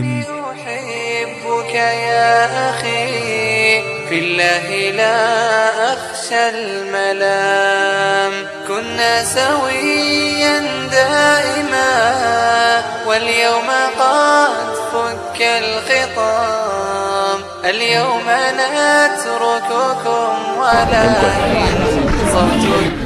مقدم أحبك يا أخي في الله لا أخشى الملام كنا سويا دائما واليوم قد فك الخطام اليوم نترككم ولا صوت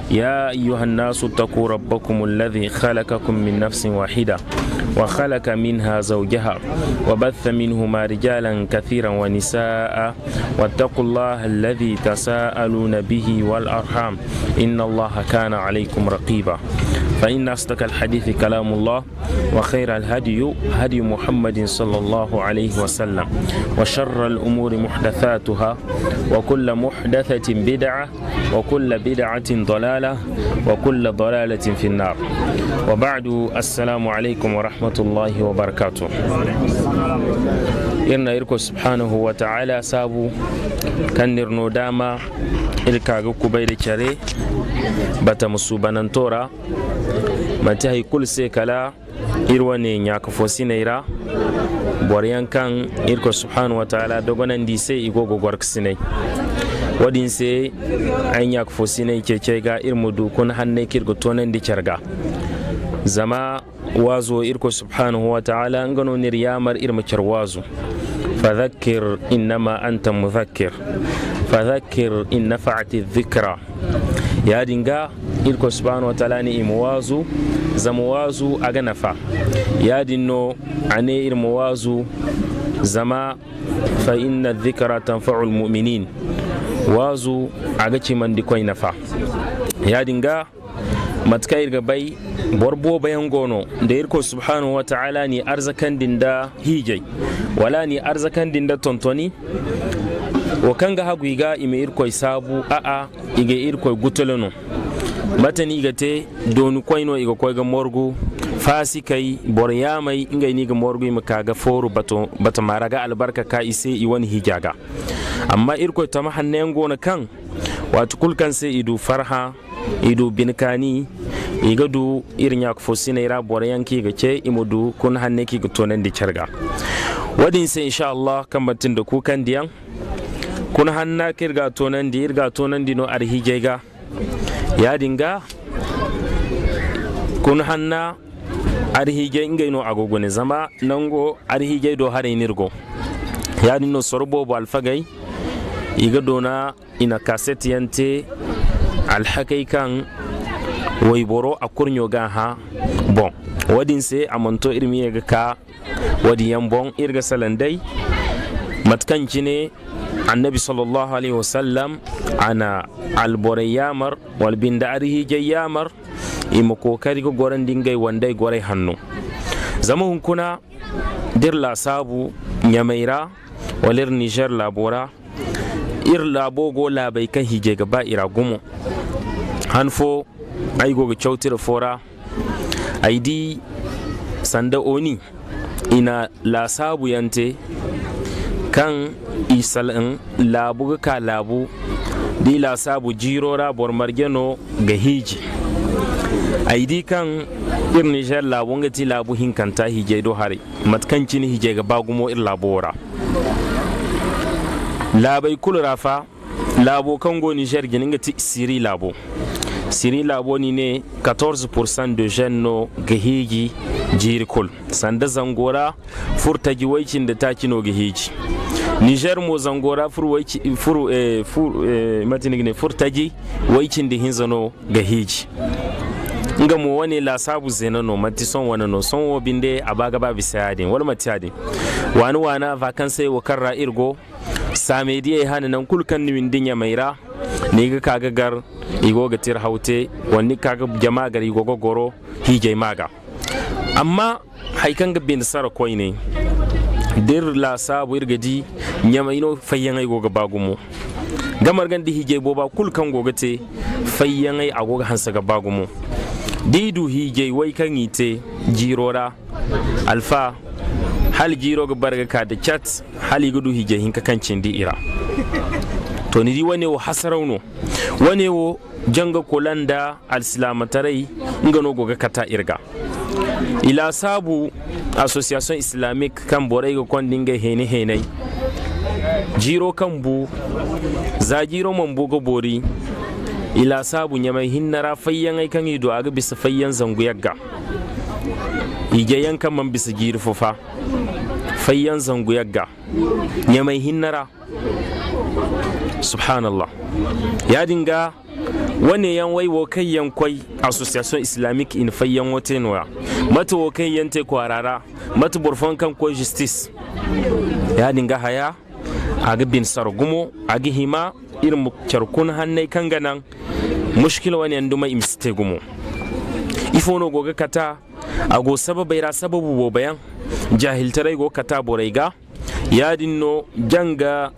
يا أيها الناس اتقوا ربكم الذي خلقكم من نفس واحدة وخلق منها زوجها وبث منهما رجالا كثيرا ونساء واتقوا الله الذي تساءلون به والأرحام إن الله كان عليكم رقيبا فإن أصدق الحديث كلام الله وخير الهدي هدي محمد صلى الله عليه وسلم وشر الأمور محدثاتها وكل محدثة بدعة وكل بدعة ضلالة wa ضلالة وكل ضلالة wa النار assalamu alaikum wa rahmatullahi wa وبركاته irna irko subhanahu wa ta'ala sabu kan nirno dama irka ga kubai da kyare bata musu banantora mata haikul sai kala irwa ne ya kafo sinaira boriyan kan irko subhanahu wa ta'ala dogonan di sai igogo sinai wadin sai an yak fosine keke ga irmu dukun hannun kirgo tonen di kyarga zama wazo irko subhanahu wa ta'ala an gano nir yamar irmu wazo fadhakkir innama anta mudhakkir fadhakkir in nafa'ati dhikra ya dinga irko subhanahu wa ta'ala ni wazo zama wazu aga nafa ya dinno ane irmu wazu zama fa inna dhikra tanfa'u almu'minin wazu di kwai nafa fa yadinga matka irga bai borbo bayan gono da irko subhanahu wa ta'ala ni arzakan dinda hijai wala ni arzakan dinda tontoni wa kan ga hagu ga ime irkoi sabu a'a iga irkoi gutulunu matani iga te donu koino iga kwai ga morgu fasikai boryamai ingai ni ga morgui kaga foru bato bata ga albarka ka ise i wani hijaga amma irko ta mahannayan gona kan wato kulkan sai idu farha idu binkani iga du irin ya kufo sinaira boryan ki ga ke imudu kun hanne ki ga tonan di charga wadin sai insha Allah kan batun da kukan diyan kun hanna kirga tonan di irga tonan di no arhijega ya dinga kun hanna arhige agogo ne zama nango arhige do hare nirgo yani no sorbo bo alfagay iga dona ina kaset yante alhakai kan wayboro a kurnyo ga ha bon wadin se amanto irmi yaga ka wadi bon irga salandai matkan ne annabi sallallahu alaihi wasallam ana alborai walbinda arhi da ima kokari ga goran dingai wandai gorai hannu zama hunkuna dir la sabu nyamaira walir niger labora ir labo go labai kan hije gaba ira gumo hanfo ai go chautir fora aidi sanda oni ina la sabu yante kan isal'in mm, labu ka labu di la sabu jirora bormargeno ga hiji aidi kan ir niger labo nga ti labo hinkanta hije do hari matkan ni hije ga bagumo ir labo wara labai kul rafa labo go niger gini nga ti siri labo siri labo ni ne 14% de jeune no gahigi jiri kul sanda zangora furta waicin da taki no gahigi niger mo zangora furu waici furu eh, furu eh, matinigne furtaji waicin da hinzano hiji. nga mu wani la sabu zena no mati son wana no son wo binde abaga ba bisayadin mati yadin wani wana sai wa karra irgo same diye hana nan kulkan ni windinya maira ni ga kaga gar igo ga tir haute wani kaga jama'a gar igo go goro jai maga amma haikan ga bin sara koi ne dir la sabu irga irgadi nyama ino fayyan igo ga bagumo gamar gandi hije boba kulkan gogate fayyan ai agoga hansa ga bagumo didu wai wai kan ite jirora alfa hal jiro ga barga ka da chat hali gudu hin ka kan di ira to ni di wane wo hasarauno wane wo janga kolanda alsilamatarai ngano goga kata irga ila sabu association islamic kan borai ga dinga hene henai jiro kan bu za jiro man boga bori ila sabu hinna ra fayyan ai kan ido aga bisa fayyan zangu yagga ige yankan man bisa giri fufa fayyan zangu yagga hinna ra subhanallah ya dinga wane yan wai wokai yan kwai association islamic in fayyan wote noya mata wokai yan te kwarara mata burfan kan kwai justice ya dinga haya ga bin sargumo ga hima irin charkun hannai kan ganan mushkila wani yandu mai imsite gumo ifono goga kata ago sababai ra sababu bo bayan jahiltarai go kata borai ga ya dinno janga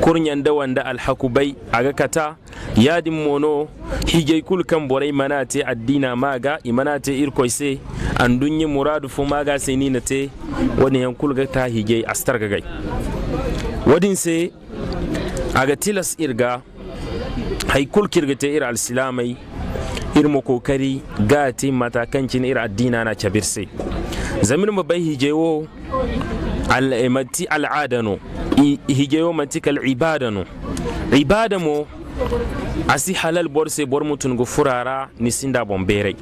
kurnyan da wanda alhakubai aga kata din mono higai kul kan borai manate addina maga imanate irkoise dunyi muradu fu maga na te wani yankul ga ta higai astar gagai a ga tilas irga haikul kirgita ir al-silamai ir makokari kokari gati matakancin ir addina na cabirse zamin mu bai hijewo al'imati eh, al'adano hijewo matikal ibadano ibadamo mo asi halal bor se bor mutun go furara ni sinda bombere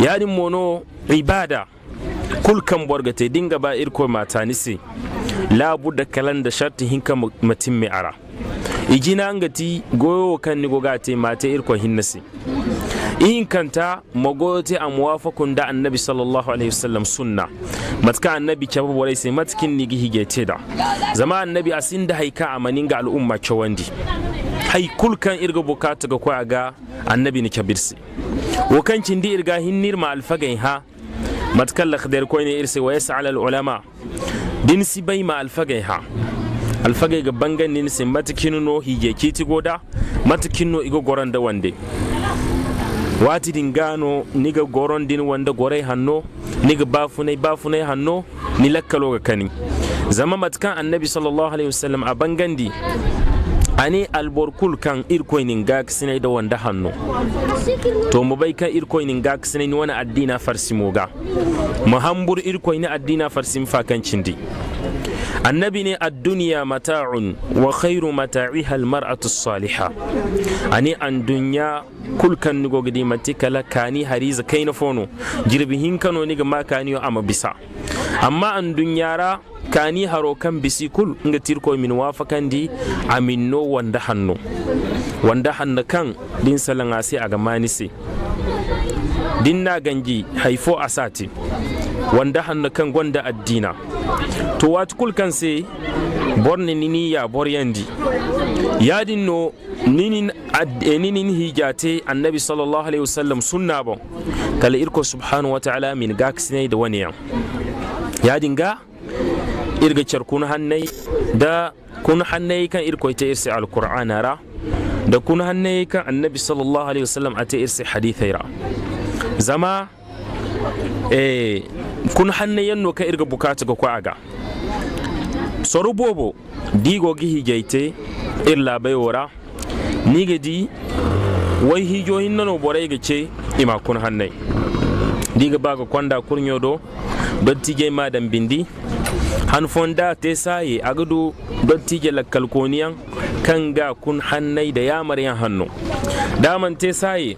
yadin mono ibada kulkan borgate dinga ba irko mata nisi da kalan kalanda sharti hinka mai ara an gati goyo kan ni gogate mate irko hinnasi in kanta ta a muwafakun da annabi sallallahu alaihi wasallam sunna matka annabi ke babu warai sai matkin ni da zama annabi sin da haika a manin ga al'umma ce wandi hai kulkan irga bukata ga kwa ga annabi ni kabirsi wakancin di irga hinnir ma alfagai ha matkan lakhdar ko ne irsi wa yas'al al ulama din si bai ma alfagai ha alfagai ga bangan nin si matikinu no hige kiti goda no igo goran da wande wati din gano ni ga goron din wanda gorai hanno ga bafunai bafunai hanno ni lakkalo ga kani zama matkan annabi sallallahu alaihi wasallam a bangandi ani alborkul kan irkoinin gak sinai da wanda hannu to mu bai kan irkoinin gak sinai ni wani addina farsimoga. mu hambur irkoinin addina farsim kan cindi. annabi ne a duniya mata'un wa khairu mata'iha almar'atu salihah ani an dunya kulkan nigo gidi matikala kani hariza kaina fono jirbi hinkano ni ga makaniyo amma bisa amma an dunyara kani haro kan bisikul nga tirko min di amin no wanda hannu wanda hannu kan din salan ase aga se din na ganji haifo asati wanda hannu kan gwanda addina to watukul kan se borni nini ya boryandi yadin no ninin eh, ninin hijate annabi sallallahu alaihi wasallam sunna bon kala irko subhanahu wa ta'ala min gaksine da wani yan yadin ga irga char kun hannai da kun hannai kan irko ita irsi alkur'ana ra da kun hannai kan annabi sallallahu alaihi wasallam ata irsi hadithai ra zama eh kun hannai yanno kan irga bukata ga kwaga soru bobo digo gi hijaite illa bai wora ni gadi wai wai hinna nano borai ga ce ima kun hannai diga baga kwanda kurnyo do dottije ma bindi han fonda te saye agado dottije lakkal koniyan kan ga kun hannai da yamar yan hannu daman te saye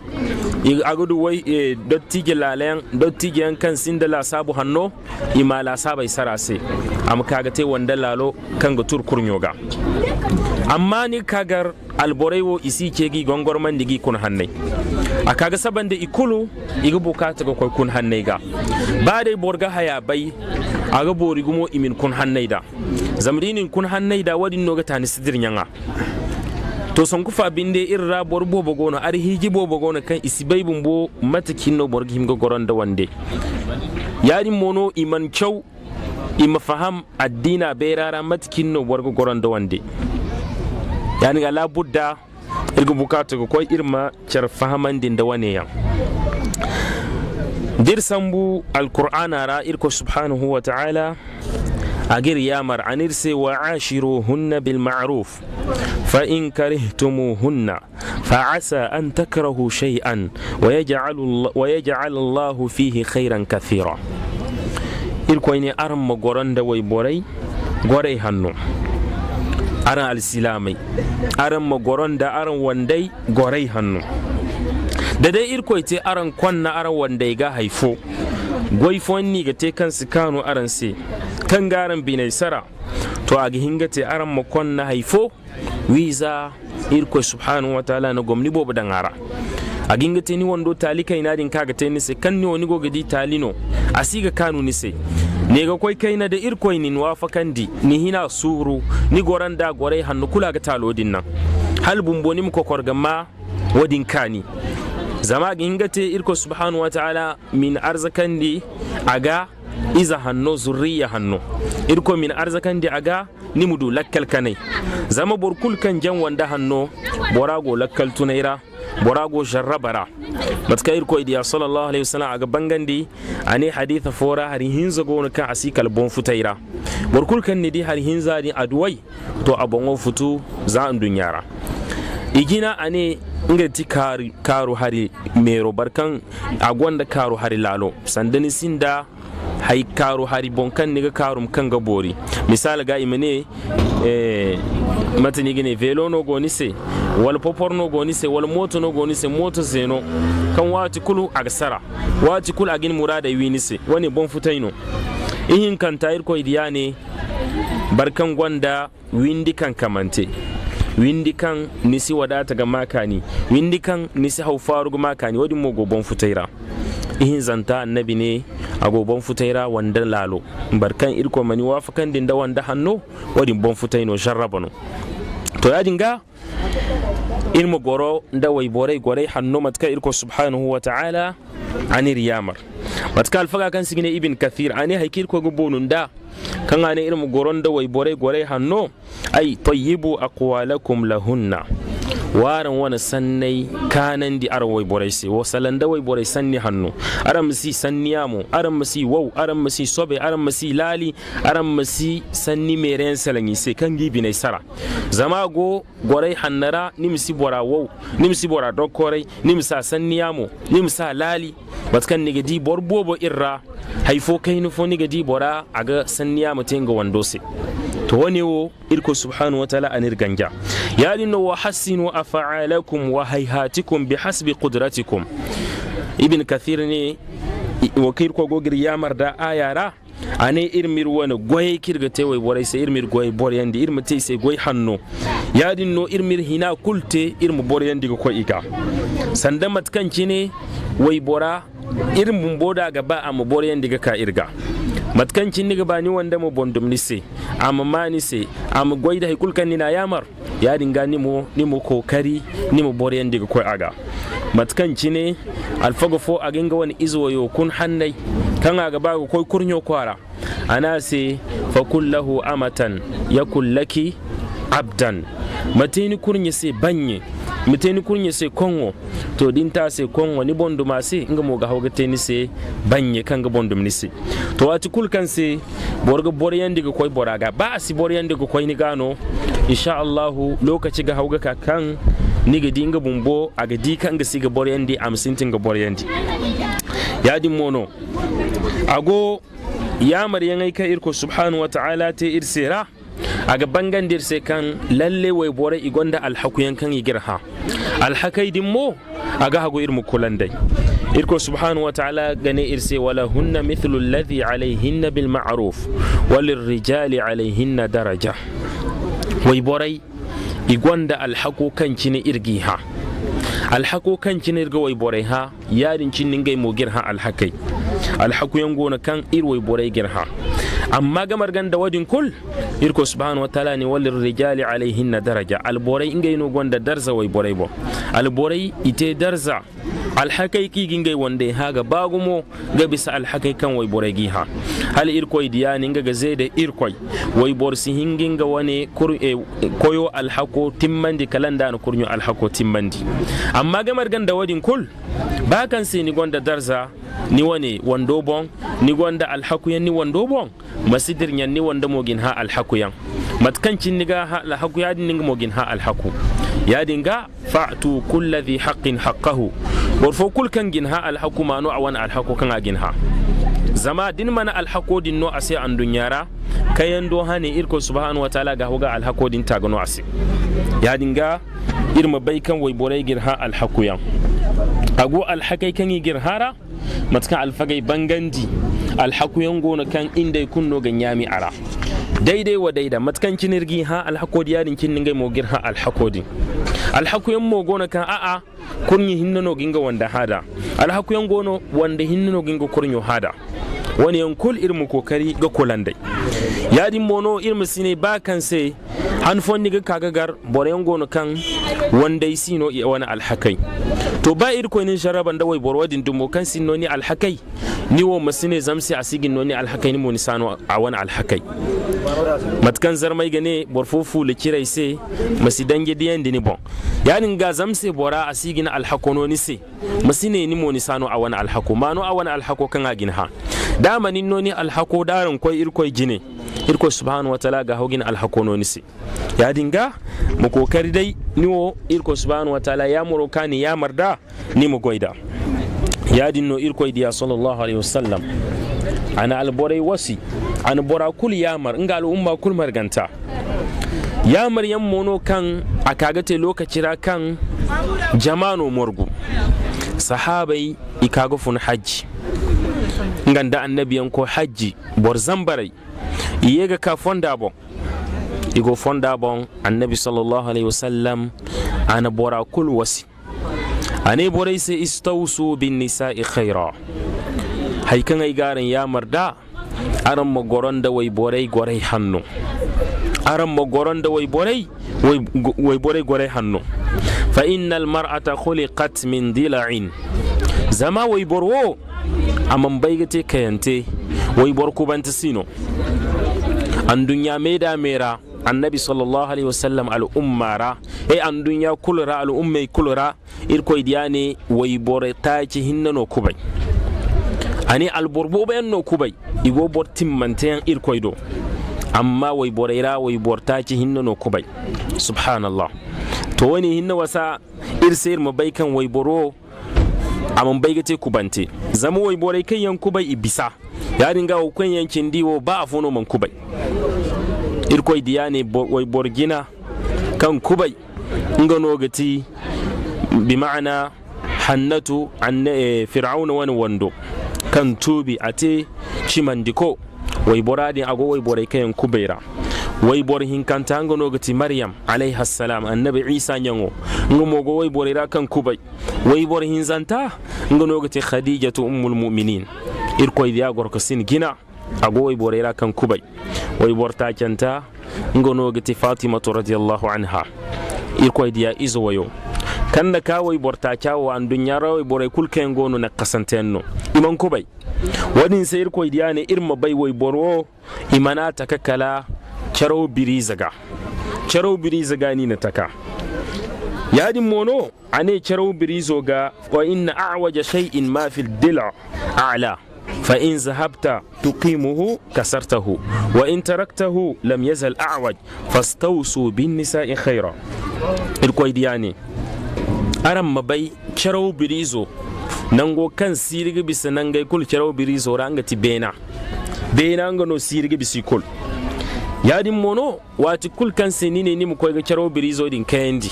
agado wai e, dottije lalayan dottije yan kan sindala sabu hanno imala sabai sarase am kaga te wanda lalo kan ga tur kurnyo ga amma ni kagar alborewo isi kegi gongorman digi kun hannai a kaga saban da ikulu iga bukata ga kwai kun hannai ga ba dai borga haya bai a ga bori gumo imin kun hannai da zamrinin kun hannai da wadin noga ni sidir yanga to son kufa bin dai irin rabuwar boba gona ar higi boba gona kan isi bai bumbo matakin no borgi himga goron da wande yarin mono iman kyau ima faham addina bai rara matakin no borga goron da wande yani ga labudda irga bukata ga koi irma char fahaman din da wane yan dir sambu alqur'ana ra irko subhanahu wa ta'ala أجر يا مر عنرس وعاشروهن بالمعروف فإن كرهتموهن فعسى أن تكرهوا شيئا ويجعل الله, ويجعل الله فيه خيرا كثيرا إلكويني أرم غوران دوي بوري غوري هنو aran alsilamai aran magoron da aran wandai gorai hannu da dai irkoi te aran kwanna aran wandai ga haifo goifon ni ga te kan kano aran se kan garan binai sara to a ga hinga aran makon na haifo wiza irkoi subhanahu wa ta'ala na gwamni bobu dan ara a ginga te ni wando talika kai nadin kaga te ni se kan ni wani gogadi talino asiga kanu ni se ne ga nega kai na da irkoi nin kandi ni hina suru ni goran da gwarai hannu kula ga talodin nan hal bumboni mu kokorga ma wadin kani zama ga hingate irko subhanahu wa ta'ala min a aga iza hannu zurriya hannu irko min di aga ni mudu lakkal kanai zama borkul kan jan wanda hannu borago lakkal tunaira borago jarrabara batka irko idiya sallallahu alaihi wasallam aga bangandi ani haditha fora hari hinza gonu ka asi kalbon futaira barkul kan ni di hari hinza di adwai to abongo futu za an dunyara igina ane ingati karu hari mero barkan agwanda karu hari lalo sandani sinda hay kaaru hari bonkan kaŋ niga karum kan ga bori misali ga imene ne eh, matani gine ne velo no goni se wal popor no goni se wal moto no goni se moto zeno kan wati kulu agsara sara wati kulu agin murada wi ni se wani bon futaino ihin kan tayir ko idiya ne barkan gwanda windi kan kamante windi kan nisi wadata ga makani windi kan nisi haufaru ga makani wadin mogo bon futaira ihin zanta annabi ne a agoban futaira wanda lalo barkan irko mani wafakan dinda wanda hannu wadin bon futaino sharrabano to ya dinga ilmu goro da wai borai gorai hannu matka irko subhanahu wa ta'ala ani riyamar matka alfaga kan sigine ibn kathir ani haikir ko gubonun da kan ani ilmu goron da wai borai gorai hannu ai tayyibu aqwalakum lahunna warin wani sannai kanan di aran wai borai sai wa da wai borai sanni hannu aran masi sanni yamu aran masi wau aran masi sobe aran masi lali aran masi sanni meren salani sai kan gibi ne sara zama go gorai hannara nimsi bora wau nimsi bora dokorai nimsa sanni yamu nimsa lali batkan ni gadi borbobo irra haifo kai nufo ni gadi bora aga sanni yamu tenga wando sai to wani wo irko subhanahu wa ta'ala anir ganja yadin wa hassin wa fa'alakum wa haihatikum bi hasbi qudratikum ibn kathir ne wakil ko gogir yamar da ayara ane irmir wani goye kirga te wai borai sai irmir goye boryan da irmi te goye hannu ya dinno irmir hina kulte irmi boryan diga ko iga sanda matkanci ne wai bora irmin boda gaba a mu boryan ka irga matkancin niga ga bani wanda mu bondum amma am ni se am da hay kan ni na yamar ya dinga ni mu ni mu kokari ni mu bore diga ko aga matkanci ne alfago fo ginga wani izwo yo kun hannai kan aga ba ko kurnyo kwara ana se fa kullahu amatan yakul laki abdan matini kurnya se banye miteni kunye se kongo to dinta se kongo ni bondo ma se nga mo ga hoga teni se banye kan ga bondo ni se to wati kul kan se borga boryan diga koy boraga ba si boryan diga koy ni gano insha Allah lokaci ga hauga ka kan ni ga dinga bumbo a ga di kan ga si ga boryan di amsintin ga boryan di ya din mono ago ya yan aika irko subhanahu wa ta'ala ta irsira a aga bangan sai kan lalle wai bore igonda alhaku yankan igir girha, alhakai dimmo aga hagu irmu kulandai irko subhanahu wa ta'ala gane irse wala hunna mithlu alladhi alayhinna bil ma'ruf walil rijali alayhinna daraja Wai borai igonda alhaku kan cini irgi ha alhaku kan cinir ga waiborai ha yarin cinin gai mo girha alhakai alhaku yan gona kan ir waiborai girha amma gamar ganda wadin kul irko subhanahu wa ta'ala ne walil rijali alaihin na daraja alborai ingai no gonda darza waiborai bo alborai ite darza alhakai wande ha ga bagumo ga bisa alhakai kan wai boregi ha hal irkoi diya ninga ga zai da irkoi wai borsi wane kur wani eh, koyo alhako timmandi kalanda na kurnyo alhako timmandi amma ga margan da wadin kul kan si ni gonda darza ni wani wando bon ni gonda alhakuyan ni wando bon masidir yan ni wanda mogin ha alhakuyan matkancin ni ga alhakuya ni mogin ha alhaku ya fa'tu kulla dhi haqqin haqqahu bor fo kul kan ginha no awan alhaqu kan ha zama din mana alhaqo din no ase an dunyara kayan do hane irko subhanahu wa ta'ala ga hoga alhaqo din ta gano ase yadinga irma bai kan wai borai ha alhaqu yan ago alhaqai kan yi girhara matkan fagai bangandi alhaqu yan gona kan inda kunno ganyami ara daidai wa daida matkan kinirgi ha alhakodi yarin kin ninga mogir ha alhakodi alhakuyan mogona kan a'a kunyi hinnano ginga wanda hada alhakuyan gono wanda hinnano ginga kurnyo hada wani yankul irmu kokari ga kulandai yadin mono irmu sine ba kan sai han fondi ga kagagar boren gono kan wanda isi no iya wani alhakai to ba iri ko nin sharaban dawai borwadin dumo kan sin no ni alhakai ni wo masine zamsi asigin no ni alhakai ni moni sano a wani alhakai matkan zarmai gane borfofu le kirai se masidan gediyan dini bon yanin ga zamsi bora asigin alhakono ni se masine ni moni sano a wani alhako mano a wani alhako kan agin ha dama nin no ni alhako darin koi irkoi jine. irko subhanahu wa ta'ala ga hogin alhakono nisi ya dinga mu kokari dai niwo irko subhanahu wa ta'ala ya muroka ya marda ni mu goida ya dinno irko idiya sallallahu alaihi wasallam ana alborai wasi an bora kul mar. inga al'umma kul marganta mar yan mono kan a kagate lokaci ra kan jamano morgu sahabai ikaga fun hajji da annabiyan ko hajji bor zambarai iyega ka fonda bon igo fonda bon annabi sallallahu alaihi wasallam ana bora kul wasi ane borai se istawsu bin nisa'i khaira hay kan ay garan ya marda aran ma goron da wai borai gorai hannu aran ma goron da wai borai wai borai gorai hannu fa innal mar'ata khuliqat min dila'in zama wai borwo amman baigate kayante way bor kubanti sino an dunya meda mera annabi sallallahu alaihi wasallam al'ummara e an dunya kulra al'ummai kulra irko idiyane way bor taci hinna no kubai ani alborbo bayan no kubai igo bor timmantayan irko do amma way borayra way bortaci hinna no kubai subhanallah to wani hinna wasa irsir mabaikan way boro mun bai ku bante zama wai borai kan yanku bai ibisa ya dinga hukun yankin diwo ba a fono man kubai irkoi diya ne wai borgina kan kubai ga gati bi ma'ana hannatu an eh, fir'auna wani wando kan tubi ate cimandiko wai boradin ago wai borai kayan ra. Wai bor hinkanta gati maryam alayhi salam annabi isa nyango ngomogo way bor ira kan Kubai, Wai bor hinzanta ngonogati khadijatu ummul mu'minin irkoy gor ko sin gina ago wai bor ira kan kubay way bor ta canta ngonogati fatimatu radiyallahu anha irkoy diya izo wayo tanna kawai borta chawo an dunyaro borai kulken gonu na kasantenno iman ko bai wadin sayir ko idiyane irma bai wai borwo imana kakkala charo biri zaga charo biri zaga ni na taka yadin mono ane charo biri zoga wa inna a'waja shay'in ma fil dil'a a'la fa in zahabta tuqimuhu kasartahu wa in taraktahu lam yazal a'waj fastawsu bin nisa'i فاستوصوا بالنساء خيرا الكويدياني aran mabai kyarau birizo go kan sirigi bisa nan gai kul kyarau birizo ranga ti bena bena nga no sirigi bisi kul yadin mono wati kul kan ne ni mu ga kyarau birizo din kayandi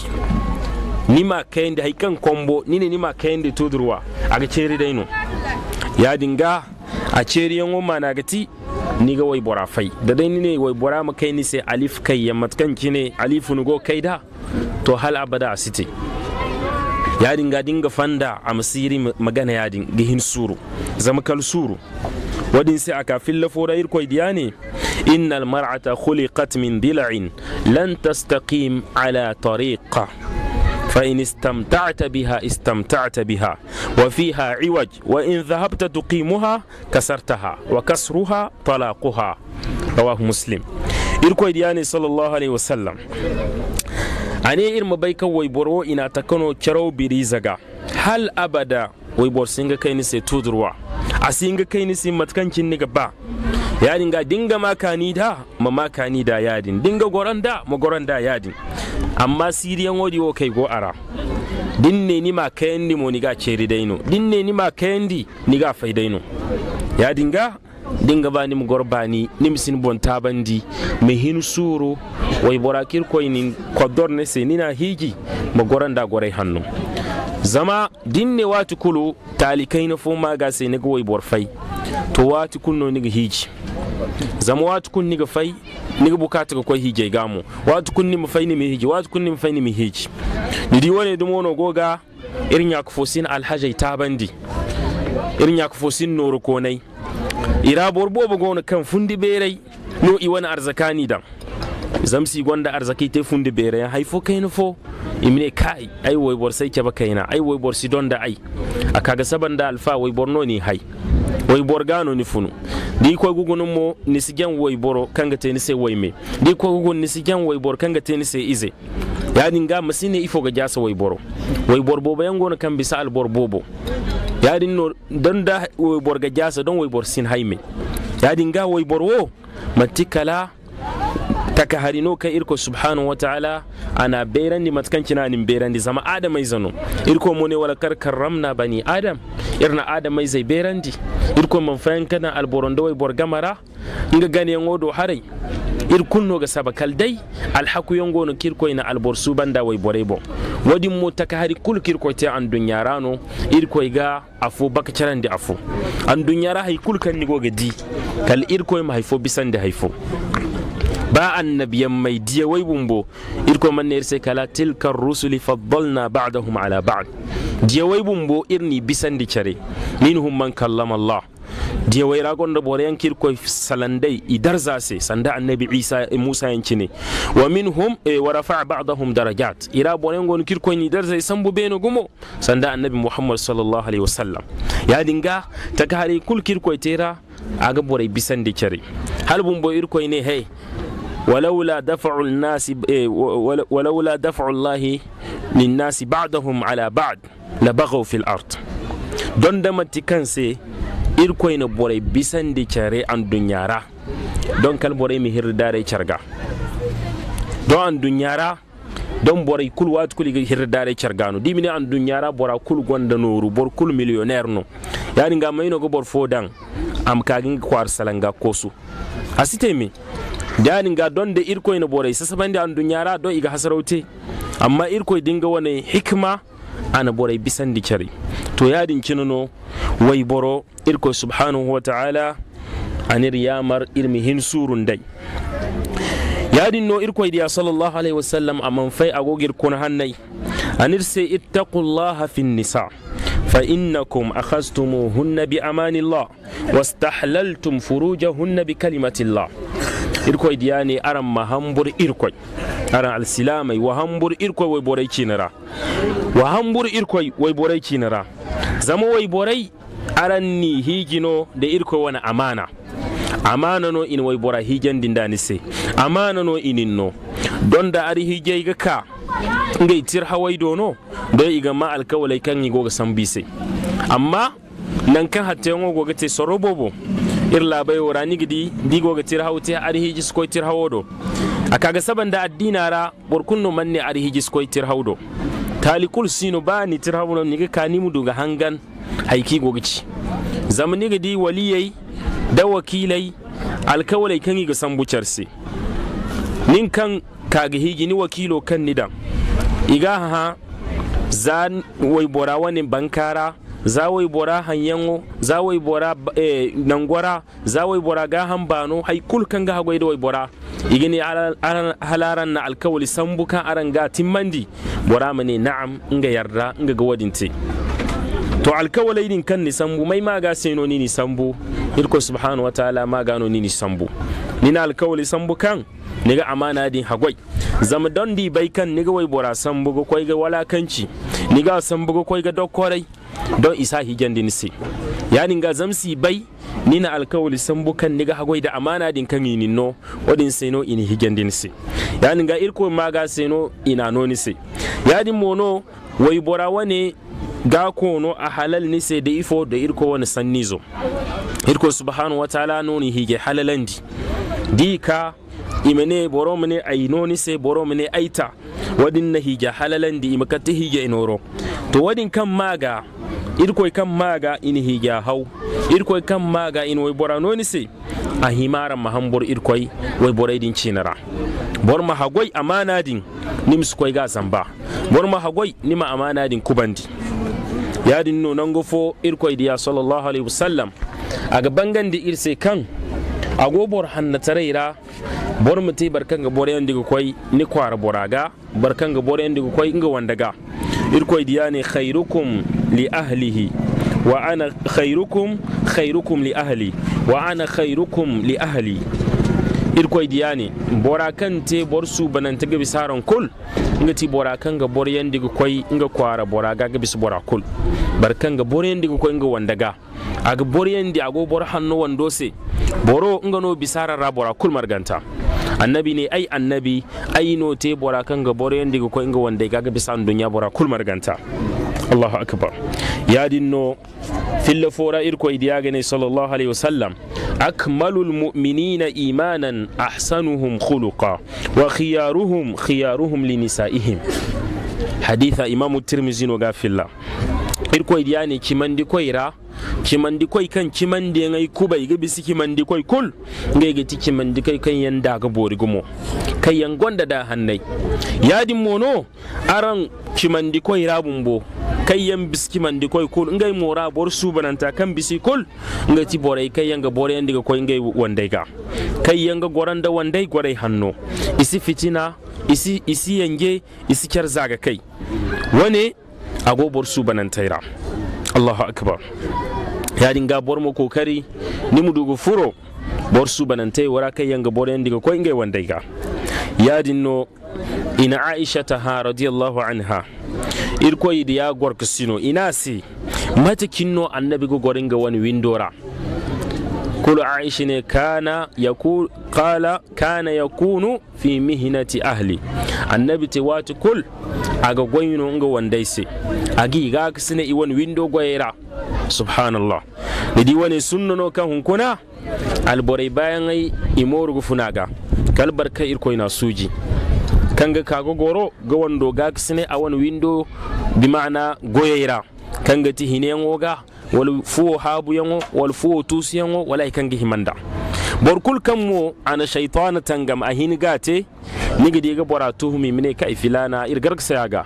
ma kayandi hai kan kombo nine nima kayandi tudurwa ga ceri dai no yadin ga a ceri yango mana gati ni ga wai bora fai da dai ne wai bora ma kai ni sai alif kai ya matkan kine alifu go kai da to hal abada a site ya dinga dinga fanda a masiri magana dinga hin suru zama kal suru wadin sai aka filla fora irko diya ne innal mar'ata khuliqat min dila'in lan tastaqim ala tariqa فإن استمتعت بها استمتعت بها وفيها عوج وإن ذهبت تقيمها كسرتها وكسرها طلاقها رواه مسلم إركو دياني صلى الله عليه وسلم ane irma bai kan waiboro ina ta kano kyarau biri zaga hal abada waibor ga kai ni sai tudurwa a ga kai ni sai matkancin ni gaba yadin ga dinga makani da ma makani da yadin dinga goron da ma goron da yadin amma siriyan wodi wo kai go ara din ne ni ma kayan ni mo ni ga ceri daino din ne ni ma kayan di ni ga faidaino yadin ga dinga ba ni, gorbani ni misin bon tabandi mi hin suru way borakir koy nin kodor ne se na higi mo goranda gore hannu zama dinne watu kulu talikai na fuma ga sai goy bor fai, to watu kunno ga higi zama watu kun ni ga fai ga bukata koy hige gamu watu kun ni fai ni mi higi watu kun ni fai ni mi higi ni di wone dum wono goga irin yakufosin alhajai tabandi irin yakufosin noro konai ira borbo gona kan fundi berai no i wani arzakani dan zamsi gonda arzaki te fundi berai ya haifo na fo imine kai ai wai bor sai kai kaina ai wai bor si donda ai akaga sabanda alfa wai bor no ni hai wai bor gano ni funu di ko gugunun mo ni sigen wai boro kanga te ni sai wai me di ko gugun ni sigen wai bor kanga te ni sai ize ya dinga masine ifo ga jasa wai boro wai bor bobo yango kan bisa al bor bobo yadin no don da woybor ga jasa don woybor sin haime yadin ga woybor wo matti kala taka harino kai irko subhanahu wa ta'ala ana berandi matkancina anin berandi zama adamai zano irko ne wala kar ramna bani adam irna adamai zai berandi irko man fayankana alborondo woybor gamara nga gane yango do harai kunno ga sabakal dai alhaku yongo no kirkoy na alborsu banda way borebo wadi mo taka hari kul kirko te an dunyarano koy ga afu baka di afu an ra hay kul kan ni goga di kal koy ma hayfo bisande fo ba annabiyan mai diya wai bumbo man manne irse kala tilkar rusuli faddalna ba'dahum ala ba'd diya wai bumbo irni bisan di care minhum man kallama Allah diya wai ragon da bore yankir ko salandai idar zase sanda annabi isa eh, musa yankine wa minhum eh, wa rafa ba'dahum darajat ira bore ngon kir ko ni dar zai sambu beno gumo sanda annabi muhammad sallallahu alaihi wasallam ya dinga ta kare kul kir ko tera aga bore bisan de kare halbun bo ir ko ne hey ولولا دفع الناس ولولا دفع الله للناس بعضهم على بعض لبغوا في الارض don da matikan sai irkoy na boray bisandi care an dunyara don kal boray mi hirdare carga don an dunyara don boray kul wat kul hirdare no dimini an dunyara bora kul gonda ru bor kul millionaire no yani ga mayno go bor fodan am kagin kwar salanga kosu asite mi yani ga don da irkoy na boray sasabandi an dunyara don iga hasarauti amma irkoy dinga wani hikma ana borai bisan dikari to yadin kinano wai boro irko subhanahu wa ta'ala anir yamar irmi hin surun dai yadin no irko idiya sallallahu alaihi wasallam amman fai agogir kun hannai anir sai ittaqullaha fin nisa فإنكم أخذتموهن بأمان الله واستحللتم فروجهن بكلمة kalimatillah. irkoy diyani aran mahambur aram aran alsilamai wa hambur irkoi wai borai cinara wa irkoi irkoy wai borai cinara zama wai borai aran ni higino da irkoi wani amana amana no in wai bora higen dindani se amana no inin no don da ari hige ga ka ngai tir hawai dono don iga ma alkawalai kan yi goga san amma nan kan hatta yango goga te sorobobo irla bai ni gidi digo ga tirhaw ti arhi jiskoi tirhawodo akaga sabanda addinara borkunno manne arhi jiskoi tirhawdo talikul sino ni tirhawno kani kanimu duga hangan haiki gogici zama gidi waliyai da wakilai alkawalai kan ga se nin kan kaga higi ni wakilo kan nidan iga ha zan wai borawa ne bankara zawai bora hanyango zawai bora eh, nangwara zawai bora gahan bano hai kul kan ga da wai bora igini halaran na alkawali sambu kan aran ga timmandi bora mane na'am inga yarda inga ga wadinte to alkawalai din kan ni sambu mai ma ga seno ni ni sambu irko subhanahu wataala ma gano ni ni sambu ni na alkawali sambu kan niga amana din hagwai zama don di bai kan niga wai bora san bugu koi ga walakanci niga san bugu koi ga dokkorai don isa higen din se ya ninga zamsi bai nina alkawali san bukan niga hagwai da amana din kan yinin no wadin sai no ini higen din se ya ninga irko maga se no ina no ni se ya mono wai bora wane ga kono a halal ni sai da ifo da irko wani zo irko subhanahu wataala noni hige halalandi di ka imene boro mene ay noni se boro mene aita wadin na hija halalan di imakati hija inoro to wadin kan maga irkoi kan maga in hija hau irkoi kan maga in wai bora noni se a himaran mahambor irkoi wai borai din cinara bor ma hagoi amana din nim su ga zamba bor ma hagoi nima amana din kubandi din no nan gofo irkoi diya sallallahu alaihi wasallam aga gaban gandi irse kan agobor hanna taraira bor mutai barkan ga bore yandiga kwai ni kwara boraga barkan ga bore yandiga kwai inga wandaga irkoi ne khairukum li ahlihi wa ana khairukum khairukum li ahli wa ana khairukum li ahli irkoi ne bora kan te bor su bananta ga bisaron kul inga ti bora kan ga bor yandiga kwai inga kwara boraga ga bis bora kul barkan ga bor yandiga kwai inga wandaga aga boryendi ago bor hannu wando se boro ngano bisara ra bora kul marganta annabi ne ai annabi ai no te bora kan ga boryendi ko inga wanda ga bisan dunya bora kul marganta allahu akbar ya dinno filla fora irko idiyaga ne sallallahu alaihi wasallam akmalul mu'minina imanan ahsanuhum khuluqa wa khiyaruhum khiyaruhum linisaihim haditha imamu tirmizi no ga filla irkoi diya ne kimandi koi ra kimandi koi kan kimandi ngai kuba iga bisi kimandi koi kul ngai ga kiman kimandi koi kan yanda ga bori gumo kai yan gonda da hannai yadin mono aran kimandi koi ra bumbo kai yan biski di koi kul ngai mora bor su bananta kan bisi kul ngai ti borai kai yang ga borai yang diga koi ngai wandai ga kai yang ga goran da wandai gwarai hanno isi fitina isi isi yange isi kyar zaga kai wani agobar su banantaira allahu akbar ya dinga bor mu kokari ni mu dugu furo bor su banantai wara kai yanga bor yan diga ko inga wandai ga ya dinno ina aisha ta ha radiyallahu anha irko yi da ya gorka ina si matakin annabi go gorin ga wani windora يقول عائشة كان يقول قال كان يكون في مهنة أهلي النبي توات كل aga gwaino nga wandai se agi ga kisine iwan window gwaira subhanallah didi wani kan hunkuna alborai bayan ai imoru gufunaga kalbar ka irko ina suji kanga kago goro ga wando ga kisine a wani window bi ma'ana goyaira kanga ti hine ngoga wal fuwo habu yango wal fuwo tusu yango wala ikan gi himanda bor kul kan mo ana shaytana tangam ahin gate nigi diga bora tuhumi mine ka filana irgar sayaga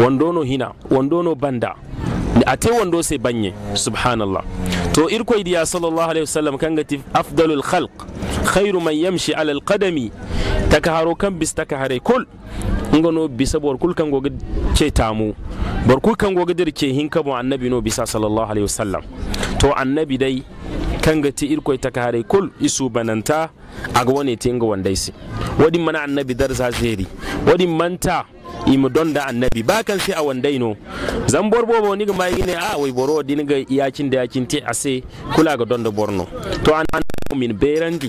wondono hina wondono banda a ate wando sai banye subhanallah to irkoyɗiya sallallahu alaihi wasallam kan ga afdalul khalq khairu man yamshi ala alqadami taka kan bis takahare kul ngono bisa bor kul kan goga ce tamu bor kul kan goga dirke hin kabo annabi no bisa sallallahu alaihi wasallam to annabi dai kan ga ti irkoi takahare kul isu bananta aga wane tinga wandaisi wadin mana annabi darza zeri wadin manta imu don da annabi ba kan sai a wanda ino zan bor bobo ni yi ne a ah, wai boro ni ga iyakin da yakin te a sai kula ga don da borno to an min berandi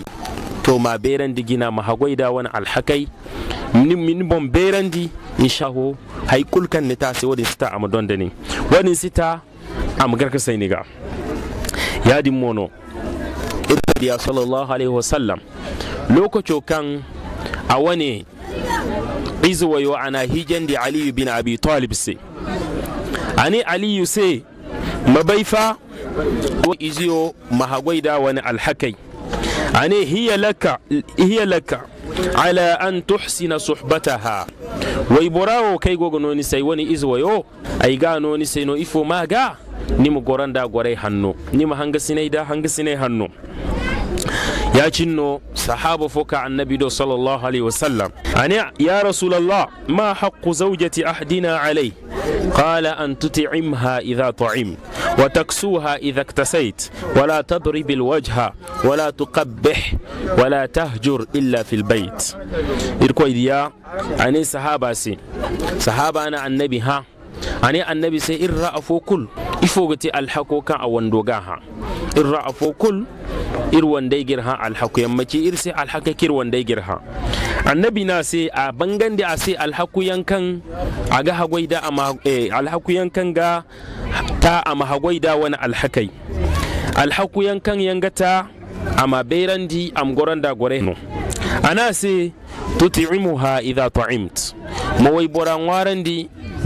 to ma berandi gina ma hagwai da wani alhakai ni min bon berandi inshaho hay kulkan ne ta sai wadin sita a am da ne wadin sita a garka sai ni ga yadin mono ita biya sallallahu alaihi wasallam lokacin kan a wani izuwayo ana hijen da aliyu bin abi talib se ani aliyu se mabaifa ko iziyo mahagwai da wani alhakai ani hiya laka hiya ala an tuhsina suhbataha wai burawo kai gogono ni sai wani izuwayo yo ai gano ni sai no ifo maga ni mu goran da gorai hannu ni mu hanga sinai da hanga sinai hannu يأتينو صحابة فوق عن النبي صلى الله عليه وسلم أنا يا رسول الله ما حق زوجة أحدنا عليه قال أن تطعمها إذا طعم وتكسوها إذا اكتسيت ولا تضرب الوجه ولا تقبح ولا تهجر إلا في البيت إركو إذيا أنا صحابة سي صحابة أنا عن النبي ها ani annabi sai in ra'afo kul ti alhako kan a wando gaha in ra'afo kul ir wandai girha alhaku yammaci ir sai alhaka kir wandai girha annabi na sai a bangan da a sai alhaku yankan a ga hagwai da eh, alhaku yankan ga ta a mahagwai da wani alhakai alhaku yankan yanga ta a maberan di amgoran da gore no ana sai tuti'imuha idha ta'imt mawai boran warandi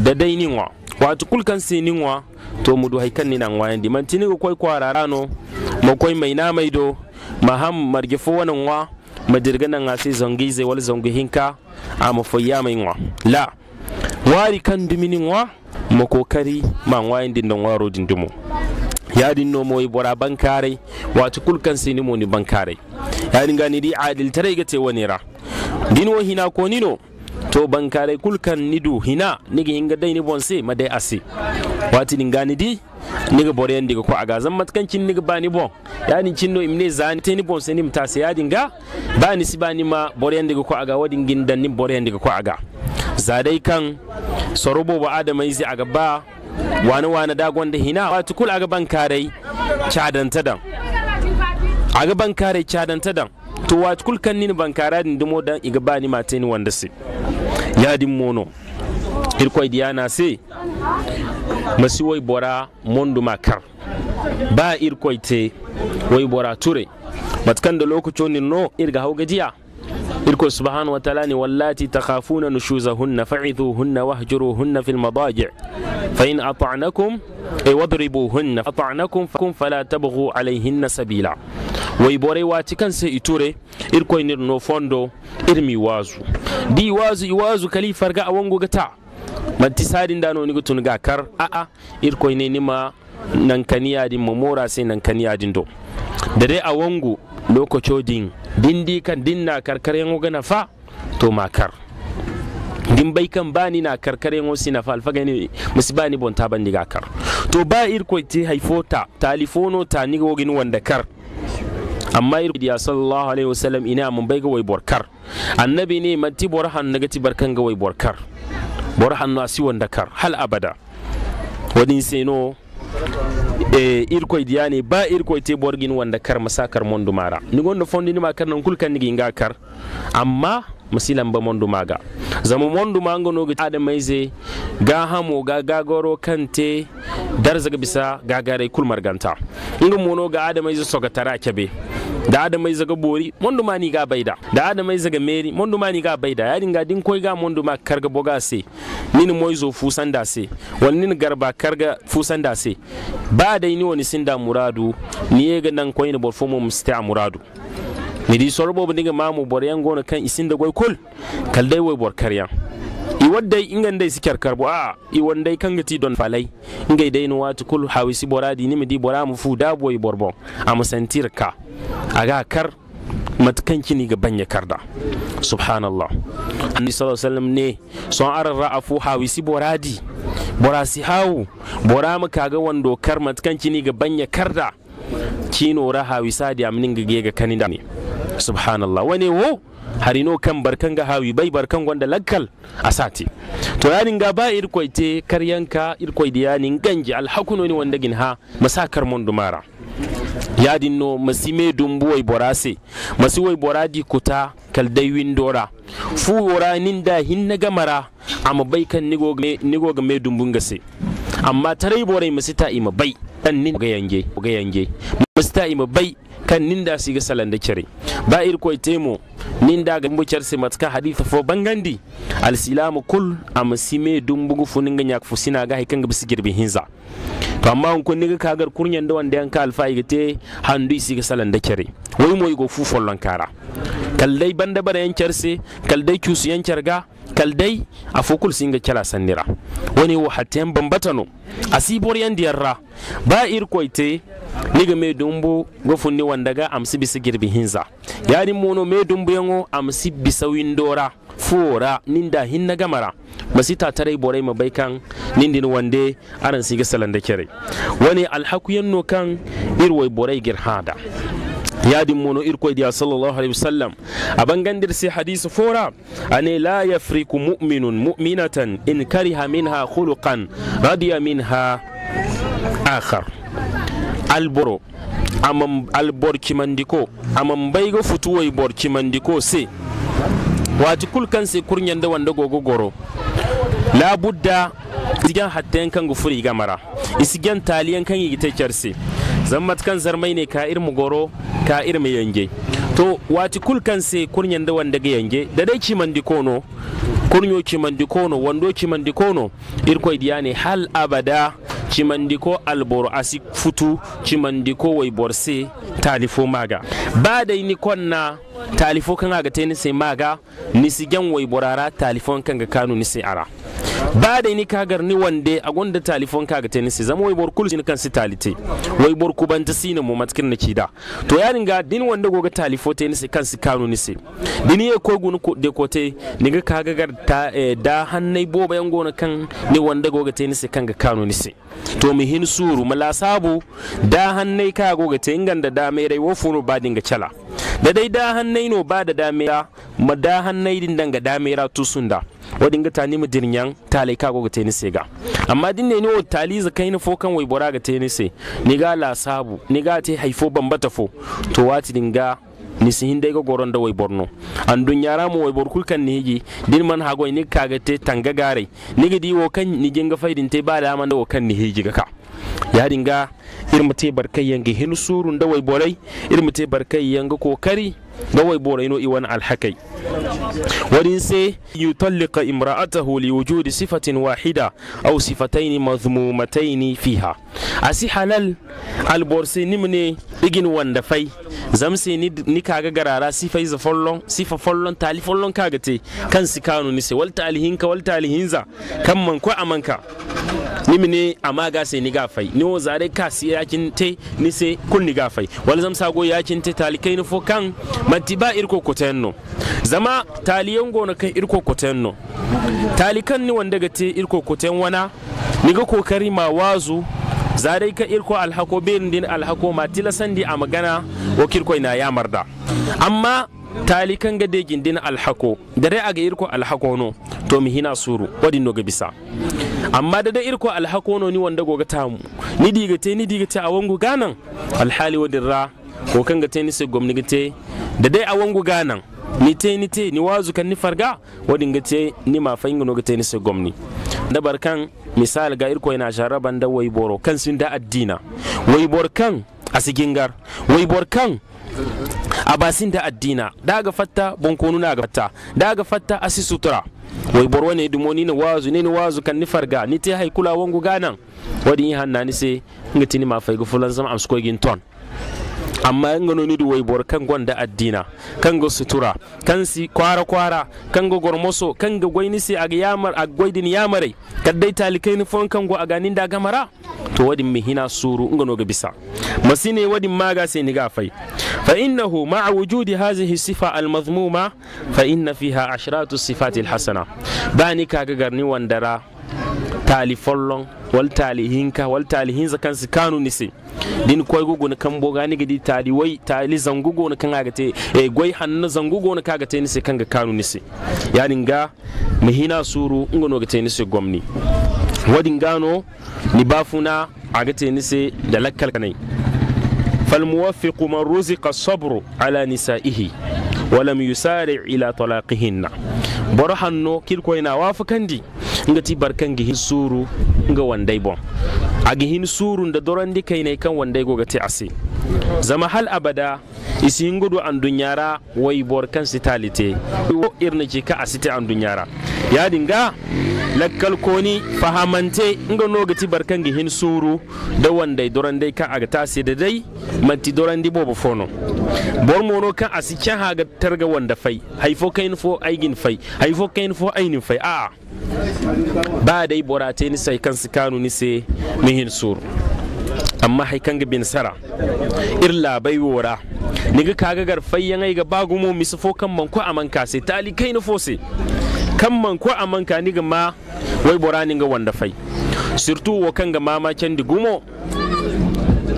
da dai niwa wato kulkan si to mudu haikan ni nan wayan Man tini ko koi kwara rarano ma koi mai na mai do ma ham marge fo wannan wa ma dirga nan sai zongi zai wal zongi hinka a ma foyya mai wa la wari kan dumini wa ma kokari ma wayan din nan waro din dumo din no yi bora bankare wato kulkan si nimo ni bankare yadin gani di adil tare ga te wani ra din wo hina ko nino to kare kulkan nidu hina niga hinga dai ni bonse ma dai ase wati ni ni di niga bore ndiga ko aga zan matkancin kin niga bani bon yani cinno imne zani te ni bonse ni mtase ya dinga bani si bani ma bore ndiga ko aga wadin gindan ni bore ndiga ko aga zadai kan sorobo ba adamai zai aga ba wani wani dagon da hina wati kul aga kare cadanta dan aga kare cadanta dan to wata kulkan ni kare din dumo dan iga bani mateni wanda si yadin mono irkoy na se masi wai bora mondu makar ba irkwai te wai bora ture matakan da lokacin no irga hau gajiya. irko subhanahu wa ta'ala ne wallati takhafuna nushuzahunna fa'idhuhunna wahjuruhunna fil madaji' fa in ata'nakum ay wadribuhunna ata'nakum fakum fala tabghu alayhinna sabila wai bore wati kan sai iture irko nir no fondo irmi wazu di wazu iwazu kalifar ga awango gata manti sadin dano ni gutun ga kar a'a irko ne nima nan kaniya din mamora sai nan kaniya din do da dai awango lokacodin dindi kan karkar karkaren gana fa to makar din bai kan bani na karkaren wasu na fa alfaga ne musu bani bonta ban diga kar to ba irko ti haifota talifono ta ni gogin wanda kar amma irko ya sallallahu alaihi wasallam ina mun bai ga wai borkar annabi ne mati borhan na ti barkan ga wai borkar borhan na si wanda kar hal abada wadin no e irkoy diyani ba irkoy te borgin wanda kar masakar mara, ni gonda fondi ni ma kar nan kulkan ni ginga kar amma ba mondu maga zama mondu mango no ga adam maize ga hamo ga gagoro kante dar zaga bisa gagare kulmar ganta inga mono ga adam maize soga tara kebe da adamai zaga bori mondu mani ga baida da adamai zaga meri mondu mani ga baida ya dinga din koi ga mondu ma karga boga se ni ni zo fusan da se wannin garba karga fusan da se ba dai ni wani sinda muradu ni ga nan koi ni bor fomo musta muradu midi sorbo bu dinga mamu boryan gona kan isin da goy kul kal dai way bor karyan i waddai ingan dai sikar karbo a ah, i wandai kan gati don falai ingai dai no watu kul hawisi boradi ni midi bora mu fu da boy borbo A santir ka aga kar matkan kini ga banya karda subhanallah annabi sallallahu alaihi wasallam ne son aran ra'afu hawisi boradi borasi hawu bora mu kaga wando kar matkan kini ga banya karda kino hawi sadi amnin gege ga kanida ne subhanallah wani wo harino kan barkan ga hawi bai barkan gwanda lakkal a sati to yanin ga ba irkoi te karyanka irkoi da yanin ganji alhakuno ne wanda gin ha masakar Ya yadin no masime dumbu wai borase masu wai boradi kuta kaldai windora fu wora nin da hin na gamara amma bai kan nigo ga me dumbun gase amma tarai borai musita ima bai dan nin ga yange ga yange musita ima bai kan ninda salan da kire ba ir koy temo ninda ga mbu se matka hadifa fo bangandi al silamu kul am sime dum bugu funinga nyak fu ga hikan ga girbi hinza to amma on kun niga kagar kurnyan da wanda yanka alfa te. handu salan salanda kire wai moy go fu follon kara kallai banda bara yankar se kaldai cusu yankar ga. kaldai a fokul singa kyala sandira wani wa hatem bambatano asibor yan diyarra ba ir koite niga me dumbu wanda ga amsi bisi girbi hinza yari mono me dumbu yango amsi bisa windora fora ninda hinna gamara basi ta tarai borai mabai kan nindin wande aran siga salanda kere wani alhaku yanno kan irwai borai girhada yadin mono irko diya sallallahu alaihi wasallam a bangandir sai hadisi fora ane la yafriku mu'minun mu'minatan in kariha minha khuluqan radiya minha akhar alboro amam albor mandiko amam baigo futuwai borki mandiko se wati kulkan sai kurnyan wanda gogo goro labudda zigen hatta kan gufuri gamara isigen taliyan kan yi ta kyarse zammat kan zarmai ne ka mu goro ka mu yange to wati kul kan se kurnyan da wanda ga yange da dai kiman kono kurnyo kiman kono wando kiman ir koi diya ne hal abada cimandiko albor asi futu cimandiko wai borse talifo maga ba dai ni konna talifo kan ga tani sai maga nisi gan wai burara talifon kan ga kanu nisi ara ba da ni kagar ni wande a gonda talifon kaga tani sai zama wai borkul ni kan si talite wai borku ban ta sina mu matkin na kida to ya ringa din wanda goga talifo tani sai kan si kanu nisi din ye ko gunu de kote ni ga kaga gar ta eh, da hannai boba yan gona kan ni wanda goga tani sai kan ga kanu nisi to mi hin suru mala sabu da hannai ka goga te inganda da mai rai wofuru ba dinga chala da dai da hannai no ba da damera ma da hannai din danga damera tusunda wadin ga tani mu dirnyan talai kago ga tenise ga amma din ne ni o tali za kai ni fokan wai bora ga tenise ni ga la sabu ni ga te haifo bambata fo to wati din ga dai ga goron da wai borno an dun yara mu wai borkul kan ni higi din man hago ni kaga te tanga gare ni ga di wo kan ni jinga faidin te ba da man da wo kan ni hiji ga ka Ya irin mutai barkai yanga hin surun da wai irin mutai barkai yanga kokari gawai bora ino iwan alhakai wadin se yutalliqa imra'atahu liwujudi sifatin wahida au sifataini mazmumataini fiha si halal alborse nimne igin wanda fai zamse ni, kaga garara sifai za follon sifa follon tali follon kaga te kan si kanu ni se walta alihinka walta alihinza kan man ko amanka nimine amma ga sai ni gafai ni wo zare si yakin te ni se kun ni gafai wal zamsa go yakin te talikai ni fo kan manti ba irko kotenno zama taliyan gona kan irko kotenno talikan ni wanda ga te irko koten wana ni ga kokari ma wazu zadai ka irko alhako berin din alhako ma tilasan di a magana wa kirko ina ya marda amma talikan ga degin din alhako dare a ga irko alhako no to mi hina suru wadin no ga bisa amma da da irko alhako no ni wanda goga tamu ni diga te ni diga te a wangu ganan alhali wadin ra ko kan ga teni se gomni gite da dai a wangu ganan ni te ni te ni wazu kan ni farga wadin te ni ma fa ingano ga ni se gomni da barkan misal ga irko ina ban da wai boro kan sun da addina wai kan asigingar wai bor kan a basin da addina daga fatta bonkonu na fatta daga fatta asi sutura wai bor ne dumo ni wazu ne wazu kan ni farga ni te kula wangu ganan wadin yi hannani sai ngati ni ma fai gufulan zama am skogin ton amma in ga noni da kan gwanda addina kan ga sutura kan si kwara kwara kan ga gormoso kan ga gwaini si a yamar a gwaidin yamare kaddai talikai ni fon kan go a ganin da gamara to wadin mi suru in ga bisa masine wadin maga sai ni ga fai fa innahu ma'a wujudi hazihi sifa almazmuma fa inna fiha ashratu sifati sifatil hasana bani kaga garni wandara talifollon wal ka wal talihin za kansu kanu nisi din koy gugu na kan boga ni gidi tali wai tali zangugo na kan agate e gwai hannu zangugo na kaga te nisi kan ga kanu nisi yani ga mihina suru no ga te nisi gwamni wadin gano ni bafuna ni se da lakkal kanai فالموفق من رزق الصبر على نسائه ولم يسارع إلى طلاقهن boro hanno kirko ina wafu kandi Inga ti barkan gihin suru nga wandai bon a gihin surun da doron dika ne kan wandai go ti ase zama hal abada isi ngudu an dunyara wai borkan kan sitalite wo irna ki ka asite an dunyara ya dinga lakkal koni fahamante nga no gati barkan gihin suru da wandai doron dai kan aga tasi da dai manti doron di bobo fono bor mono kan asikin haga targa wanda fai haifo kain fo aigin fai haifo fo kain fo ainin fai a ba yi borate ni sai kan kanu ni sai mihin sur amma haikan kan bin sara irla bai wora niga kaga garfai yangai ga bagumo misu fo kan man a manka sai tali kai ni fo sai kan man a manka ni ga ma wai bora ni ga wanda fai surtout wo kan ga mama can di gumo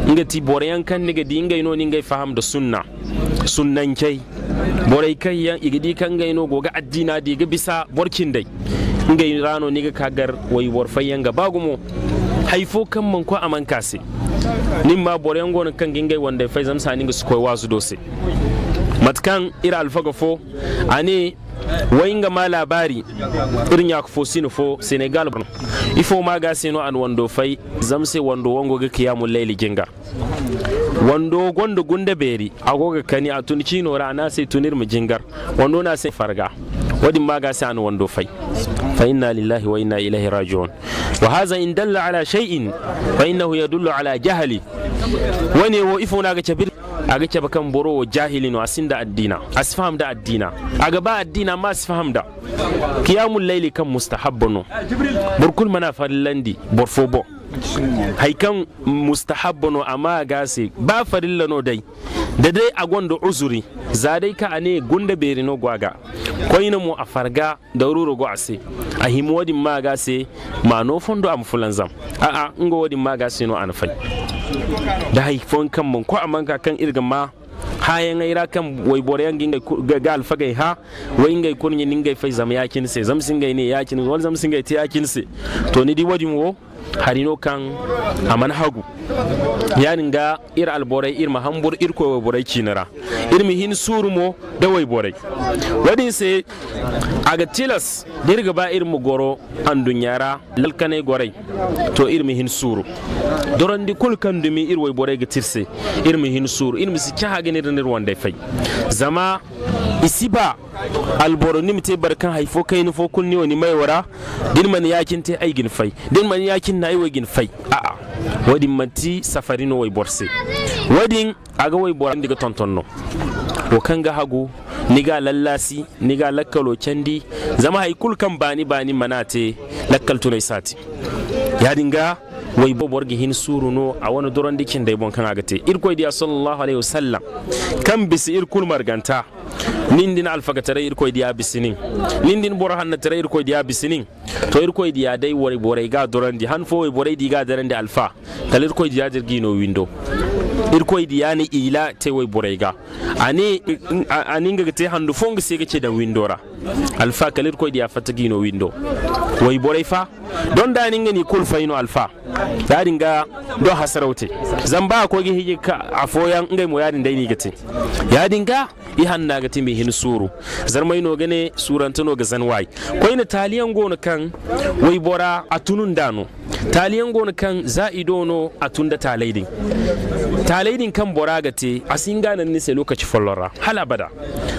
inga ti bora yan kan ni ga ino ni ga faham da sunna sunnan kai borai kai yan igidi kan gaino goga addina da ga bisa borkin dai ga rano ni ga kagar wai warfayyan ga bagumo haifo kan man ko aman kase nin ma borayan gona kan gingai wanda fai zamsa ni ga su koi wasu dose matkan ira alfagafo ane wainga ma labari irin ya kufo sino fo senegal ifo ma ga sino an wando fai zamse wando wango ga kiyamun laili jinga wando gondo gunda beri agoga kani a tuni cino rana sai tunir mu jingar wando na sai farga wadin ma ga sai an wando fai fa inna lillahi wa inna ilaihi raji'un wa hadha in dalla ala shay'in fa innahu yadullu ala jahli wane wo ifo na ga cabir aga ba kan boro wa jahilin asinda addina da addina A ba addina ma da. qiyamul layli kan mustahabbono burkul mana farin borfo bo haikan mustahabbu no amma gase ba farilla no dai da dai a gwanda uzuri za dai ka ne gunda beri no gwaga koyina mu a farga da ruru gwase a himu wadin ma gase ma no fondo am zam. a a ngo wadin ma gase no an fai da haifon kan mun ko amanka kan irga ma hayan ira kan wai borayan ginga ga alfagai ha wai ingai kunni ningai fai zam yakin se zam singai ne yakin wal zam singai ti yakin se to ni di wadin wo harino kan aman hagu yanin ga ir alborai ir mahambur ir kowai borai kinara ir mihin surmo da wai borai wadin sai a ga tilas dirga ba ir mu goro an dunyara lalkanai gorai to ir mihin suru doron di kulkan dumi ir wai borai ga tirse ir mihin suru ir misi kya hagin irin nirwan da fai zama isi ba alboro ni mutai barkan haifo kai nufo ni wani maiwara din man yakin te aigin fai din man yakin yi waygin Fai. aa wadin manti safarino wai borse wadin aga wai bora diga tontonno kan ga hagu ni niga lallasi niga lakkalo candi zama haikulkan kulkan bani bani manate lakkal tunai sati Ya dinga wai bo borgi hin suruno a wani doron dikin da ibon kan agate irkoy dia sallallahu alaihi wasallam kan bisi irkul marganta nindin ga tare irkoy diya bisinin nindin bora hanna tare irkoy diya bisinin to irkoy diya dai wari borai ga dorandi han fo borai diga darande alfa kal irkoy diya no windo irkoy diya ni ila te wai borai ga ani ani ga te handu fonga se ga ce da windora alfa kal irkoy diya fatagino windo Wari borai fa don da ni ngani kul faino alfa da dinga do hasarauti ba ko gihi hige ka afoyan ngai mo yadin dai ni gace ya dinga i hanna gate mi hin suru zarmai no gane surantano ga zanwai koi na taliyan gona kan wai bora atunun dano taliyan gona kan za idono atunda talaidin talaidin kan bora gate asin nan ne sai lokaci follora hala bada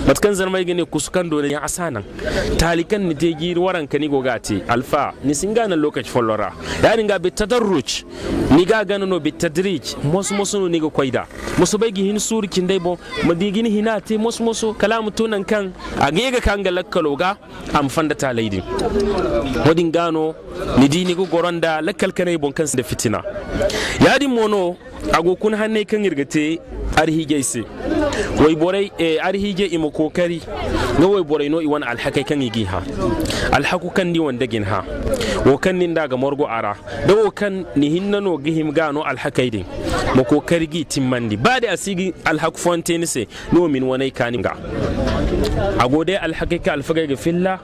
matkan zarmai gane kusukan dole ya asanan talikan ni te gir waran kani gogate alfa ni singa kana lokaci follora ni ga bitta tadarruj ni ga gana no bitta tadrij mos mosu ni ga koida musu bai gihin suri dai bo digini hina te mos mosu kalamu tunan kan a ga kan ga lakkalo ga am fanda ta laidi wadin gano ni dini go goronda lakkal kanai bon kan da fitina yadin mono agokun hanne kan irgate arhi geise Wai wayboray eh, arhige ima kokari ga borai no iwan alhakai kan igi ha alhaku kan ni wanda gin ha wo kan nin daga morgo ara da wo kan ni hinna no gihim ga no alhakai din mu kokari gi timmandi ba da asigi alhaku fontaine se no min wani kanin ga alhakai ka alfagai ga filla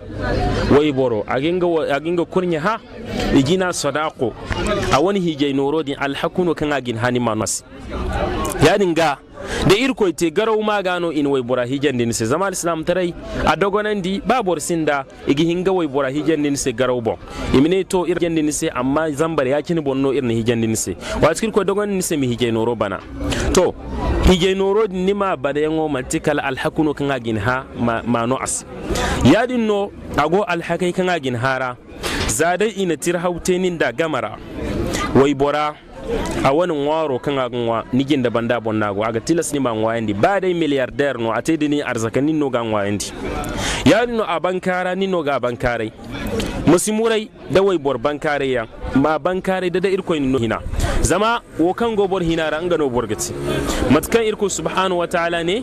wai boro aginga kurnya ha igina sadako a wani hijai norodin din alhakuno kan agin hani manas ya dinga da irko te garau ma gano in wai bora hijandin se zama islam tarai a dogonandi babor sinda igi hinga wai bora hijandin se garau bon imine to irjandin se amma zambar kini bonno irin hijandin se wa cikin ko dogon ni se mi hije noro bana to hije noro ni ma bada yango matikal alhakuno kan agin ha ma no as yadin no ago alhakai kan agin hara zadai ina tirhautenin da gamara wai bora a wani waro kan agunwa nigin da banda bonna go aga tilas ni man wayandi ba dai milliardaire no ate dini ni no gan wayandi ya no a bankara ni no ga bankare musimurai da wai bor bankare ya ma bankare da da irko ni no hina zama wo kan go bor hina ran ga no borgati matkan irko subhanahu wa ta'ala ne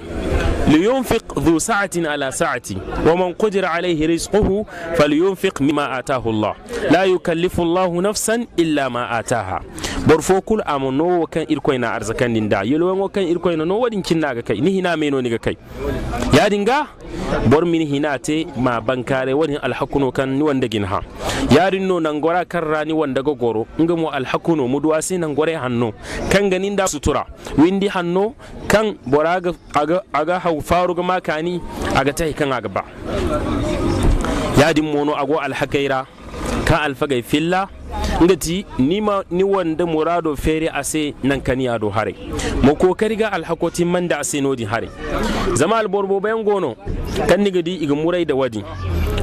لينفق ذو سعة على سعة ومن قدر عليه رزقه فلينفق مما آتاه الله لا يكلف الله نفسا إلا ما آتاها bor fo kul amo no kan irkoy na arzakan din da yelo wo kan irkoy no wadin kin na ga kai ni hina meno ni ga kai ya dinga bor min hina te ma bankare wani alhakuno kan ni wanda gin ha yarin no nan gora kan rani wanda ga goro nga mu alhakuno mu duwa sai nan gore hanno kan ganin da sutura windi hanno kan boraga aga aga hau faru ga makani aga tai kan aga ba yadin mono ago alhakaira ka alfagai filla ngati nima ni wanda murado fere ase nan kan yado hare mo kokari ga alhakoti manda ase nodi hare zama alborbo bayan gono kan ni gadi iga murai da wadi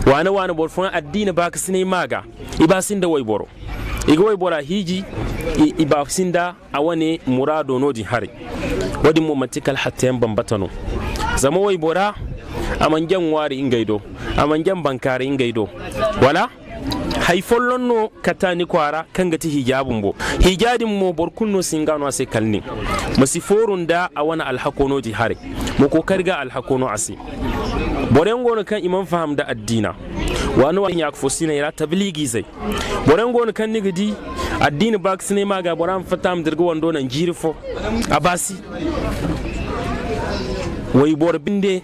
wane wane borfon addini ba ka sine maga iba sin da waiboro iga waibora hiji iba sin da a wani murado nodi hare wadi mu matikal hatta yan bambatano zama waibora a mangen wari ingaido a mangen bankari ingaido wala hay kata katani kwara kangati hijabun bo hijadin mo singa singano ase kalni masi forun da a wani alhakono ji hare mu kokari ga alhakono asi boren gono kan imam faham da addina wani wani ya kufo sinai ira tabligi zai boren gono kan nigidi addini bak sine ma ga boran fatam dirga wando nan jirifo abasi wai bor binde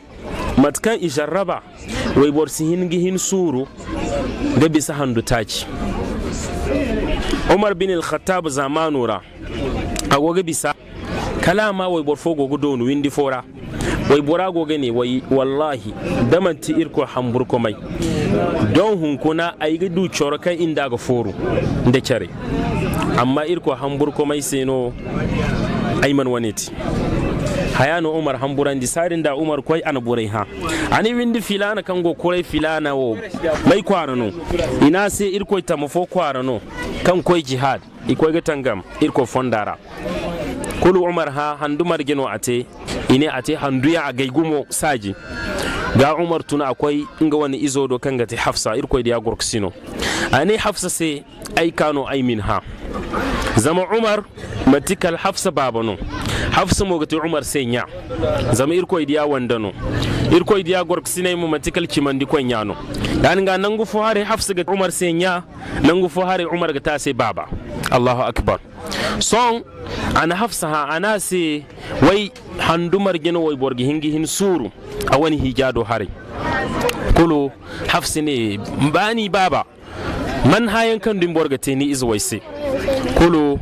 matkan ijarraba wai bor sihin gihin suru da bisa handu taci umar bin al-khattab zamanura agoga bisa kalama wai borfo gogo don windi fora wai bora goga ne wai wallahi daman ti irko hambur komai don hunkuna a yi du kai inda ga foru da kyare amma irko hambur komai sai aiman wani ti hayano umar di sarin da umar kwai ana burai ha ani windi filana kango kurai filana wo bai kwarano ina se irko tamafo kwarano kan kwai jihad ikoy gatangam irko fondara kulu umar ha handu margino ate ine ate handu a gaigumo saji ga umar tun akwai inga wani izo do kan gati hafsa irkoi da ya a ne hafsa sai ai kano ai min ha zama umar matikal hafsa babano hafsa mo gati umar sai nya zama irkoi da ya wandano irkoi da ya mu matikal kimandi kon yano dan ga nan gufu hare hafsa gati umar sai nya nan gufu hare umar ga ta sai baba allahu akbar son ana hafsa ha ana sai wai handumar gina wai borgi hingi hin suru a wani hijado hare kulu hafsi ne bani baba man hayan kan dun borga teni is se kulu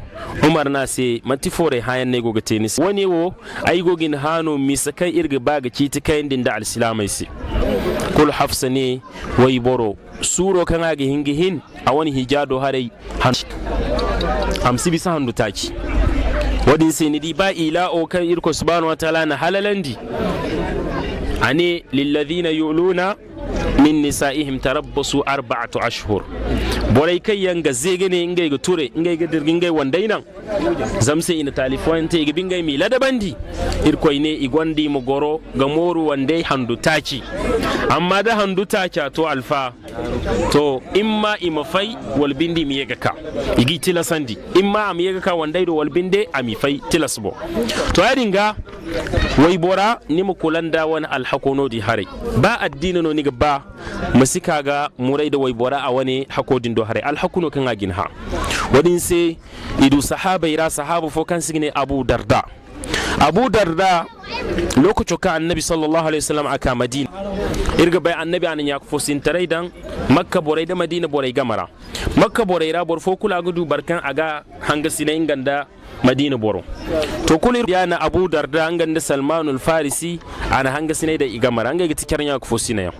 umar na se mati fore hayan ne goga teni wani wo ai gogin hano misakai irga baga ci ta kayan din da alsilamai se kul hafsi ne wai boro suro kan agi hingi hin a wani hijado hare hamsi bisa handu taki wadin di ba ila o kan irko subhanahu wa ta'ala na halalandi ani lilladhina yuluna min nisa'ihim tarabbasu arba'atu ashhur borai kai yanga zege ne ingai ga ture ingai ga dirgin gai wandai nan zamse ina talifon te ga bingai mi ladabandi irkoi ne igwandi mu goro ga moru wandai handu taci amma da handu taci to alfa to imma imafai walbindi mi yaga ka igi tilasandi imma am yaga ka wandai do walbinde amifai tilasbo to ya dinga wai bora ni mu kulanda wani alhakono di hare ba addini no ni ga ba musika ga murai da wai bora a wani hakodin do hare al hakuno kan agin ha wadin se idu sahaba ira sahaba fo kan signe abu darda abu darda lokacin ka annabi sallallahu alaihi wasallam aka madina irga bai annabi anan ya kufo tare dan makka borai da madina borai gamara makka borai ra bor fo kula gudu barkan aga hanga sinai ganda madina boro to kulir ya na abu darda an ganda salmanul farisi ana hanga sinai da igamar an gaga tikar ya kufo yau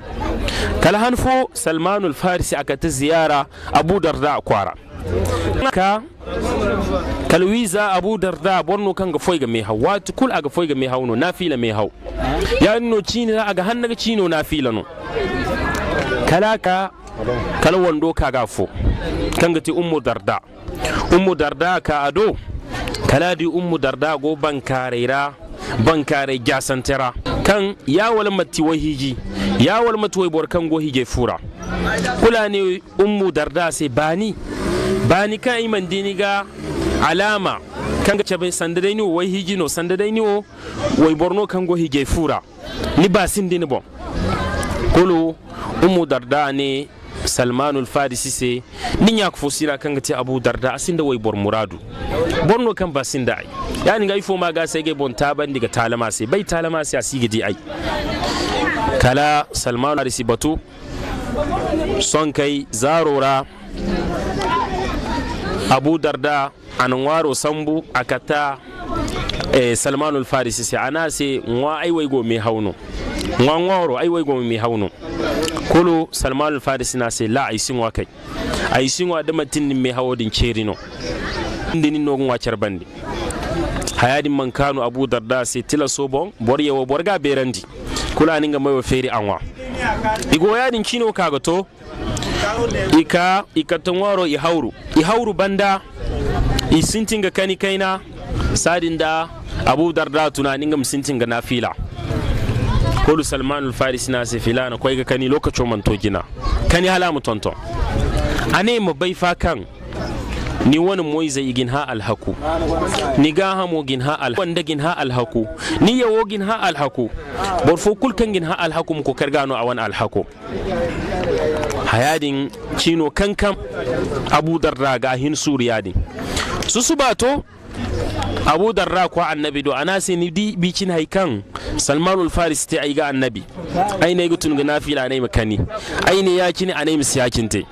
kala hanfo salmanul farisi aka ta ziyara abu darda a kwara ka kalwiza abu darda borno kan ga foi ga mai hawa watu kul aga foi ga mai hau no na fila mai hau ya no cini za aga hannaga cino na fila no kalaka ka kala wando ka gafo kan ga ti ummu darda ummu darda ka ado kaladi ummu darda go bankarera bankare jasantera kan yawal hiji wahiji yawal mati wai kan go hige fura kula ne ummu darda sai bani bani kan iman dini ga alama kan ga cabe sandadai ni wai hiji no sandadai ni wai borno kan go hige fura ni ba sin dini bon kulu ummu darda ne salmanul fadisi se ni ya kufo sira kan ga ti abu darda asinda da wai bor muradu borno kan basin da ai yani ga ifo ma ga sai ga bon ban diga talama sai bai talama sai a sigi ai kala salman arisi batu son kai zarora abu darda anwaro sambu akata eh, salmanul farisi sai ana sai nwa wai go mai hauno nwa nwaro wai go mai hauno salman salmanul farisi na sai la aisin wa kai aisin wa da matin mai hawo din cerino ni nogun wacar bandi hayadin man kanu abu darda se tila sobon bor bor ga berandi ninga mai wa feri anwa igo yadin kino kaga to ika ika tanwaro i hauru i hauru banda i sintinga kani kaina sadin da abu darda tunanin ga sintinga na fila kolu salman al-farisi na se fila na kwai kani lokacin to gina kani hala mu tonton ane mu bai fa kan ni wani moyi zai gin ha alhaku ni ga hamo gin ha alhaku wanda gin ha alhaku ni yawo gin ha alhaku bor fo kulkan gin ha alhaku mu ko kargano a wani alhaku hayadin cino kankan abu darra ga hin suriya din su su bato abu darra ko annabi do ana sai ni di bicin haikan salmanul faris ta ai ga annabi ai ne gutun ga nafila ne makani ai ne yakin anai misyakin te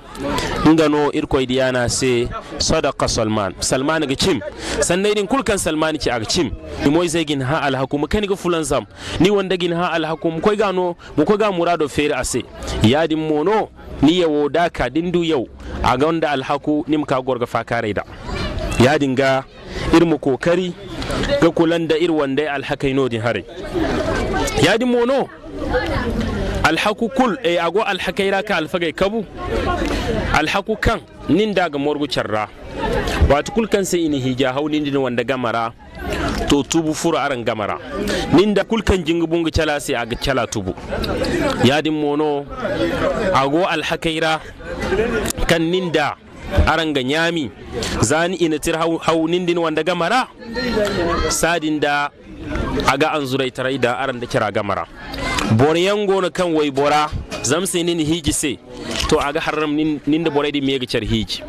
ngano irkoy diyana se sadaqa salman salman ga cim sannan din kulkan salman ki aga cim imoy zegin ha al hukum kan ga fulan zam ni wanda gin ha al hukum koy gano mu ko ga murado fere ase Ya din mono ni yawo ka dindu yau a ga wanda alhaku nim ka gorga fa kare da ya dinga irmu kokari ga kulan da ir wanda alhakai din hare ya din mono alhaku kul e ago alhakaira ka alfagai kabu alhaku kan nin daga morgu charra wato kul kan sai ini hija hawni din wanda gamara to tubu fura aran gamara nin da kul kan jingu bungu chala sai aga chala tubu yadin mono ago alhakaira kan nin da aran ga nyami zani ina tir hau din wanda gamara sadin da a ga an zurai tarai da aran da kira gamara bori yango na kan wai bora zamsi ni hiji se to a ga haram nin da bora da mai gicar hiji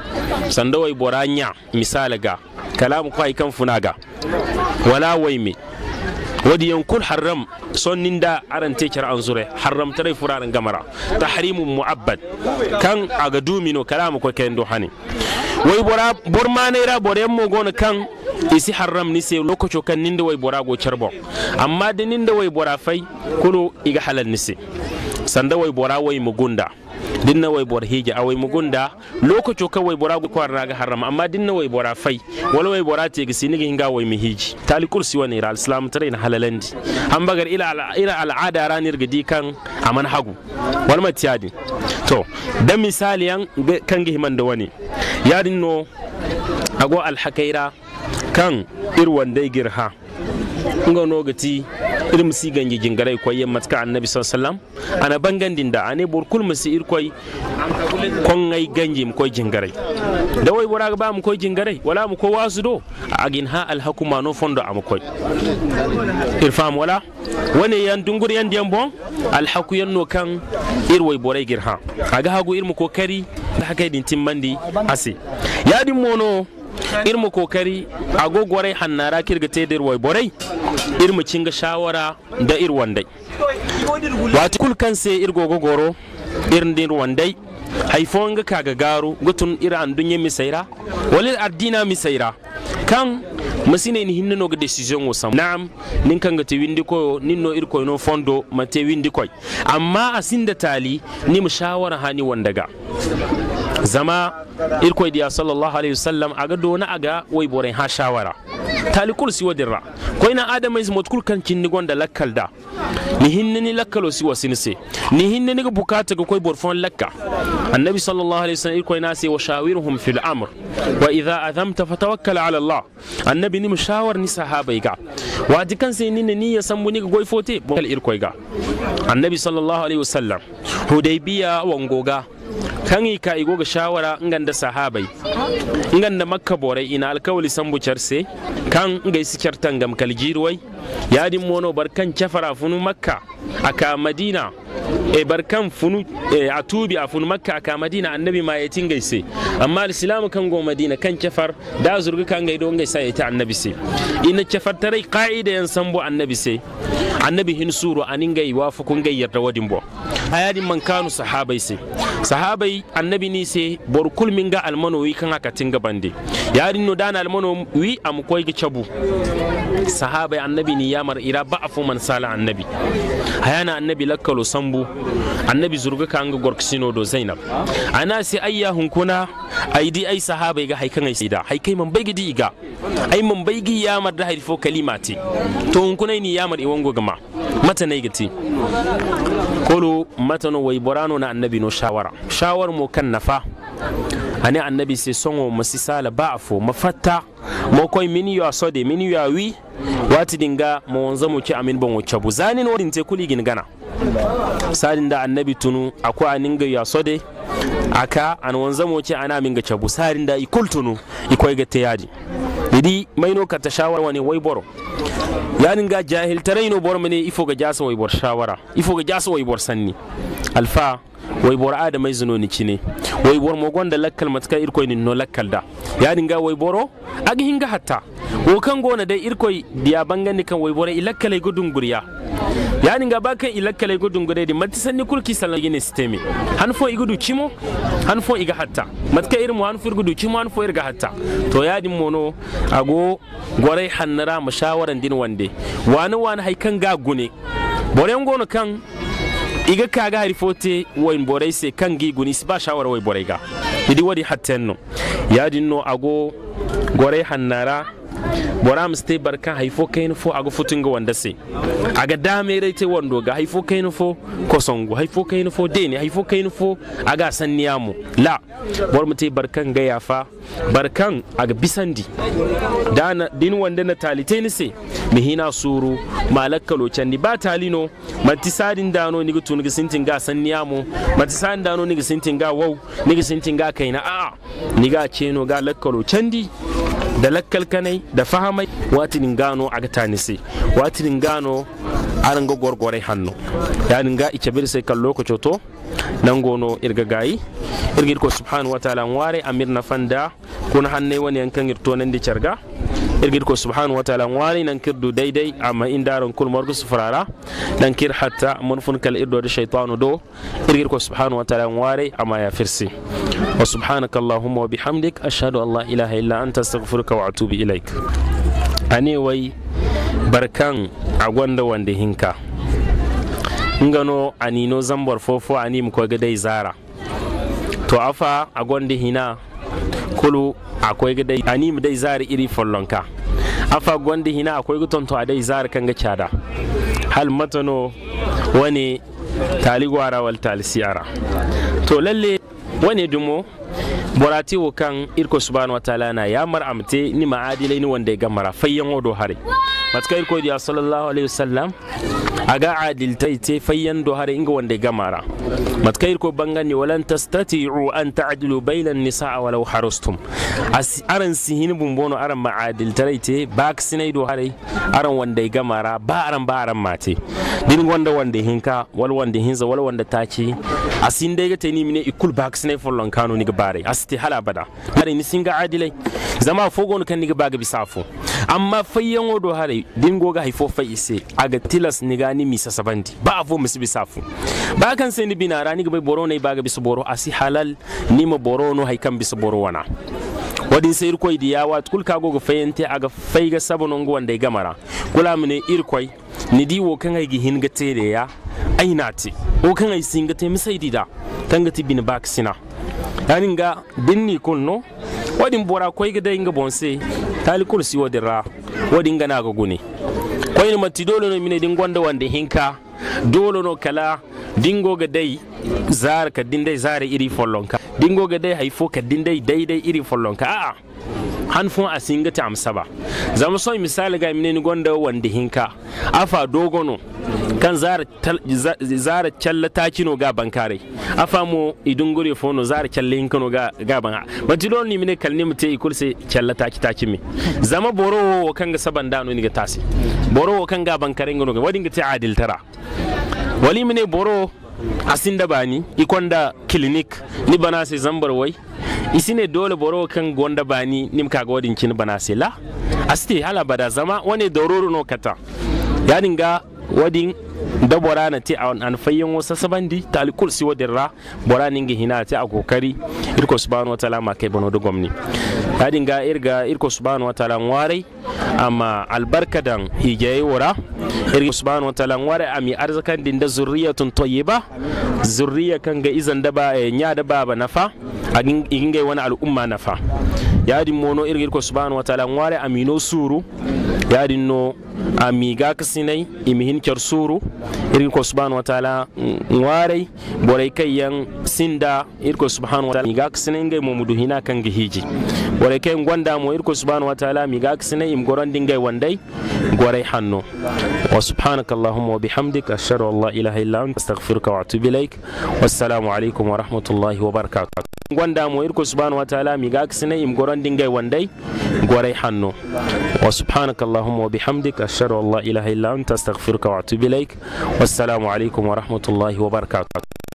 sanda wai bora nya misala ga kalamu kwai kan funaga wala wai me wadi yankul haram sonnin da aran te kira an zure haram tare furaren gamara tahrimun mu'abbad kan aga dumino kalamu ko kayan hani wai bora borma ne ra bore mo gona kan isi haram ni sai kan ninda wai bora go charbo amma da ninda wai bora fai kulo iga halal ni sai sanda wai bora wai mugunda dinna wai bor hige awai mugunda lokaco ka wai bora arna ga harama amma dinna wai bora fai wala wai bora te gisi nigi hinga wai mi hiji tali kursi wani ra islam tare na halalandi an bagar ila ila al'ada ranir gidi kan aman hagu wal matiyadi to dan misali yan kan himan da wani ya no ago alhakaira kan irwan dai girha nga no gati irin si gangi gingarai koy yamma ka annabi sallallahu alaihi ana bangandin da ane bor kul musi ir koy kon ngai ganji mu koy gingarai da wai wara ba mu koy gingarai wala mu ko wasu do agin ha al hukuma no fondo am koy fam wala wani yan dungur yan diyan bon al haku yan no kan ir wai borai girha aga hagu ir mu kari da hakai din timmandi ase yadin mono irma kokari gogwarai hannara kirgite da irwai borai irma cinga shawara da irwandai kulkan sai irgo irgogogoro irin da irwandai haifon ga kaga garu gutun ira an dunye misaira walil ardina misaira kan masine ni hinno ga decision wo sam na'am nin kan ga te windi ko ninno ir no fondo ma te windi koy amma asinda tali ni mu shawara hani wandaga zama irkoy diya sallallahu alaihi wasallam aga dona aga way boren ha shawara talikul si wadirra ko ina adama is motkul kan kinni gonda lakkal da ni hinne ni lakkalo si wasinse ni hinne ni bukata ga koy borfon lakka annabi sallallahu alaihi wasallam irkoy nasi wa shawiruhum fil amr wa idha adhamta fatawakkal ala allah annabi ni mushawar ni sahabai ga wadi kan sai ni ni ya san buni ga goy fote bon irkoy ga annabi sallallahu alaihi wasallam hudaybiya wangoga kan ka igo ga shawara inganda sahabai inganda makka borai ina alkawali sambu charse kan ngai sikar gam kaljiruwai yadin mono barkan cafara funu makka aka madina e barkan funu e tubi a funu makka aka madina annabi ma yatin gaise amma alislamu kan go madina kan cafar da zurga kan gaido ngai ya ta annabi se ina cafar tarai qaida yan sambo annabi se annabi hin suru anin gai wafu kun gai yarda wadin bo yadin man kanu sahabai se sahabai annabi ni se bor kulmin ga almano wi kan aka tinga bande yadin no dana almano wi am koy ga cabu sahabai annabi bini ya mar ira ba afu man sala annabi hayana annabi lakkalo sambu annabi zurga ka anga gorksino do zainab ana sai ayya hunkuna aidi ai sahabai ga haikan ai sida haikai man bai gidi iga ai man bai gi ya mar da haifo kalimati to hunkunai ni ya mar iwango gama mata ne gati kolo mata no wai borano na annabi no shawara shawar mo kan nafa ani annabi se sõngo masisala ba'fo mafatta mokoy min yua sode min yua wi wati dinga mo wonzamu ci amin bon wucabu zanin wodin te kuligin gana sadin da annabi tunu akwa aninga yua sode aka an wonzamu ci ana min ga cabu sadin da ikul tunu ikoy ga te yaji didi maino ka ta shawara wani wai boro yanin ga jahil taraino boro mene ifo ga jasa wai bor shawara ifo ga jasa wai bor sanni alfa way mai adamay zunoni cine wai bor mogon da lakkal matka irkoi ni no lakkal da Ya dinga wai boro ag hinga hatta wo kan gona dai irkoi diya bangani kan wai boro ilakkale gudun gurya. Ya dinga ba kan ilakkale gudun gure di matisan ni kulki salan gine sistemi han fo igudu cimo han fo iga hatta matka irmo han fo igudu cimo han fo irga hatta to ya din mono ago gwarai hannara mashawaran din wande wani wani haikan ga gune boren gono kan iga kaaga harifote wain borayse kangi si ba shawara way ga idi wadi hattenno yaadinno ago goray hannara bora mu stay barka haifo kaino fo aga futunga wanda se aga dame rai te wando ga haifo kaino fo kosongo haifo kaino fo dene haifo kaino fo aga mu la bora mu te barkan ga yafa barkan aga bisandi dana din wanda na talite ni se mi hina suru malakkalo ni ba talino manti sadin dano ni gutun ga sintin ga san sanniyamu manti sadin dano ni ga sintin ga wau ni ga sintin ga kaina a ni ga ceno ga lakkalo candi da lakkal kanai da fahamai gano a ga tanisi wati gano a ranga gwargwarai hannu ya ninga ikabir sai kan lokaci to nan gono irga gayi irgir ko subhanahu wataala ware amir na fanda kun hannai wani yankan irto nan da carga irgir ko subhanahu wa ta'ala wani nan kirdu daidai amma in daran kul morgu sufrara dan kir hatta mun fun kal irdo da shaytanu do irgir ko subhanahu wa ta'ala wani amma ya firsi wa subhanaka allahumma wa bihamdik ashhadu an la ilaha illa anta astaghfiruka wa atubu ilaik ane wai barkan a gwanda wanda hinka ngano anino zambar fofo mu ko gadai zara to afa a gwanda hina kulu akwai ga dai ani mu dai zari iri fallonka afa hina akwai ga tonto a dai zari kan ga cada hal matano wani taligwara wal talisiyara to lalle wani dumo borati wo kan irko subhanahu wa ta'ala na ya mar'amte ni ma'adilai ni wanda ya gamara fayyan odo hare matka irko diya sallallahu alaihi wasallam aga ce fayyan hare inga wande gamara ko bangani walan tastati'u an tacdilu bayna annisaa walaw harastum aran sihin bumbono aran ma cadiltarayte baakisinaydo hare aran wande gamara ba aran ba aran mate din wanda wanda hinka wal wanda hinza wal wanda taci ni mine ikul baakisinay follon kanu ni bare asti hala bada hare ni singa adilai zama fogon kan ni ga ga bisafo amma fayyan wodo hare din goga haifo fay ise aga tilas ni ga. yani misa sabandi ba a fomisi bisafu ba kan sai ni bina rani ga boro ne ba ga bisa boro si halal ni ma boro no hay kan bisu boro wana wadin sai irkoi di yawa kul kago ga ga aga faiga sabonon go wanda gamara kula mune irkoi ni di wo kan haigi hin ga tere ya aina ti wo kan ai singa te misai dida tanga ti ba ka sina yani ga dinni kunno wadin bora koi ga dai ga bonse talikul siwo dira wadin ga na ga gune koyne mati dole no mine din gwanda wanda hinka dole no kala dingo ga dai zar ka dindai zare iri follonka dingo ga dai haifo ka dindai daidai iri follonka a'a ah, ah. han a singa ta amsa ba zama son misali ga mine ni gonda wanda hinka afa dogono kan zara zara challa takino ga bankare afa mu idun gure fono zara hinka no ga ga ban ba ti don ni mine kalne mu te ikul se challa ta taki mi zama boro wo kan ga saban no ni ga tasi boro wo kan ga bankare ngono ga wadin ga te adil tara wali mine boro asin da bani ikonda kilinik ni bana se zambar wai isine dole boro kan gonda bani nim ga wadin kin bana se la aste hala bada zama wani dororo no kata ya dinga wadin da bora na ti an anfayin wasa sabandi talikul siwa dirra bora ningi hina ta a kokari irko subhanahu wataala ma kai bano da gwamni hadin ga irga irko subhanahu wataala warai amma albarkadan higaye wara irko subhanahu wataala warai ami arzakan din da zurriyatun tayyiba zurriya kan ga izan da ba eh, nya da ba nafa a ingai wani al'umma nafa yadin mono irgir ko subhanahu wa ta'ala ngware amino suru yadin no amiga kasinai imihin kyar suru irgir ko subhanahu wa ta'ala ngware borai kai yan sinda irko subhanahu wa ta'ala amiga kasinai ngai mu mudu hina kan gihiji borai kai gwanda mu irko subhanahu wa ta'ala amiga kasinai im goran dingai wandai gorai hanno wa allahumma wa bihamdika ashhadu an la ilaha illa anta astaghfiruka wa atubu ilaik wassalamu alaikum wa rahmatullahi wa barakatuh gwanda mo irko subhanahu wa ta'ala miga kasinai im goran عندي جاي وان داي وريحانو وسبحانك اللهم وبحمدك اشهد ان لا اله الا انت استغفرك واتوب اليك والسلام عليكم ورحمه الله وبركاته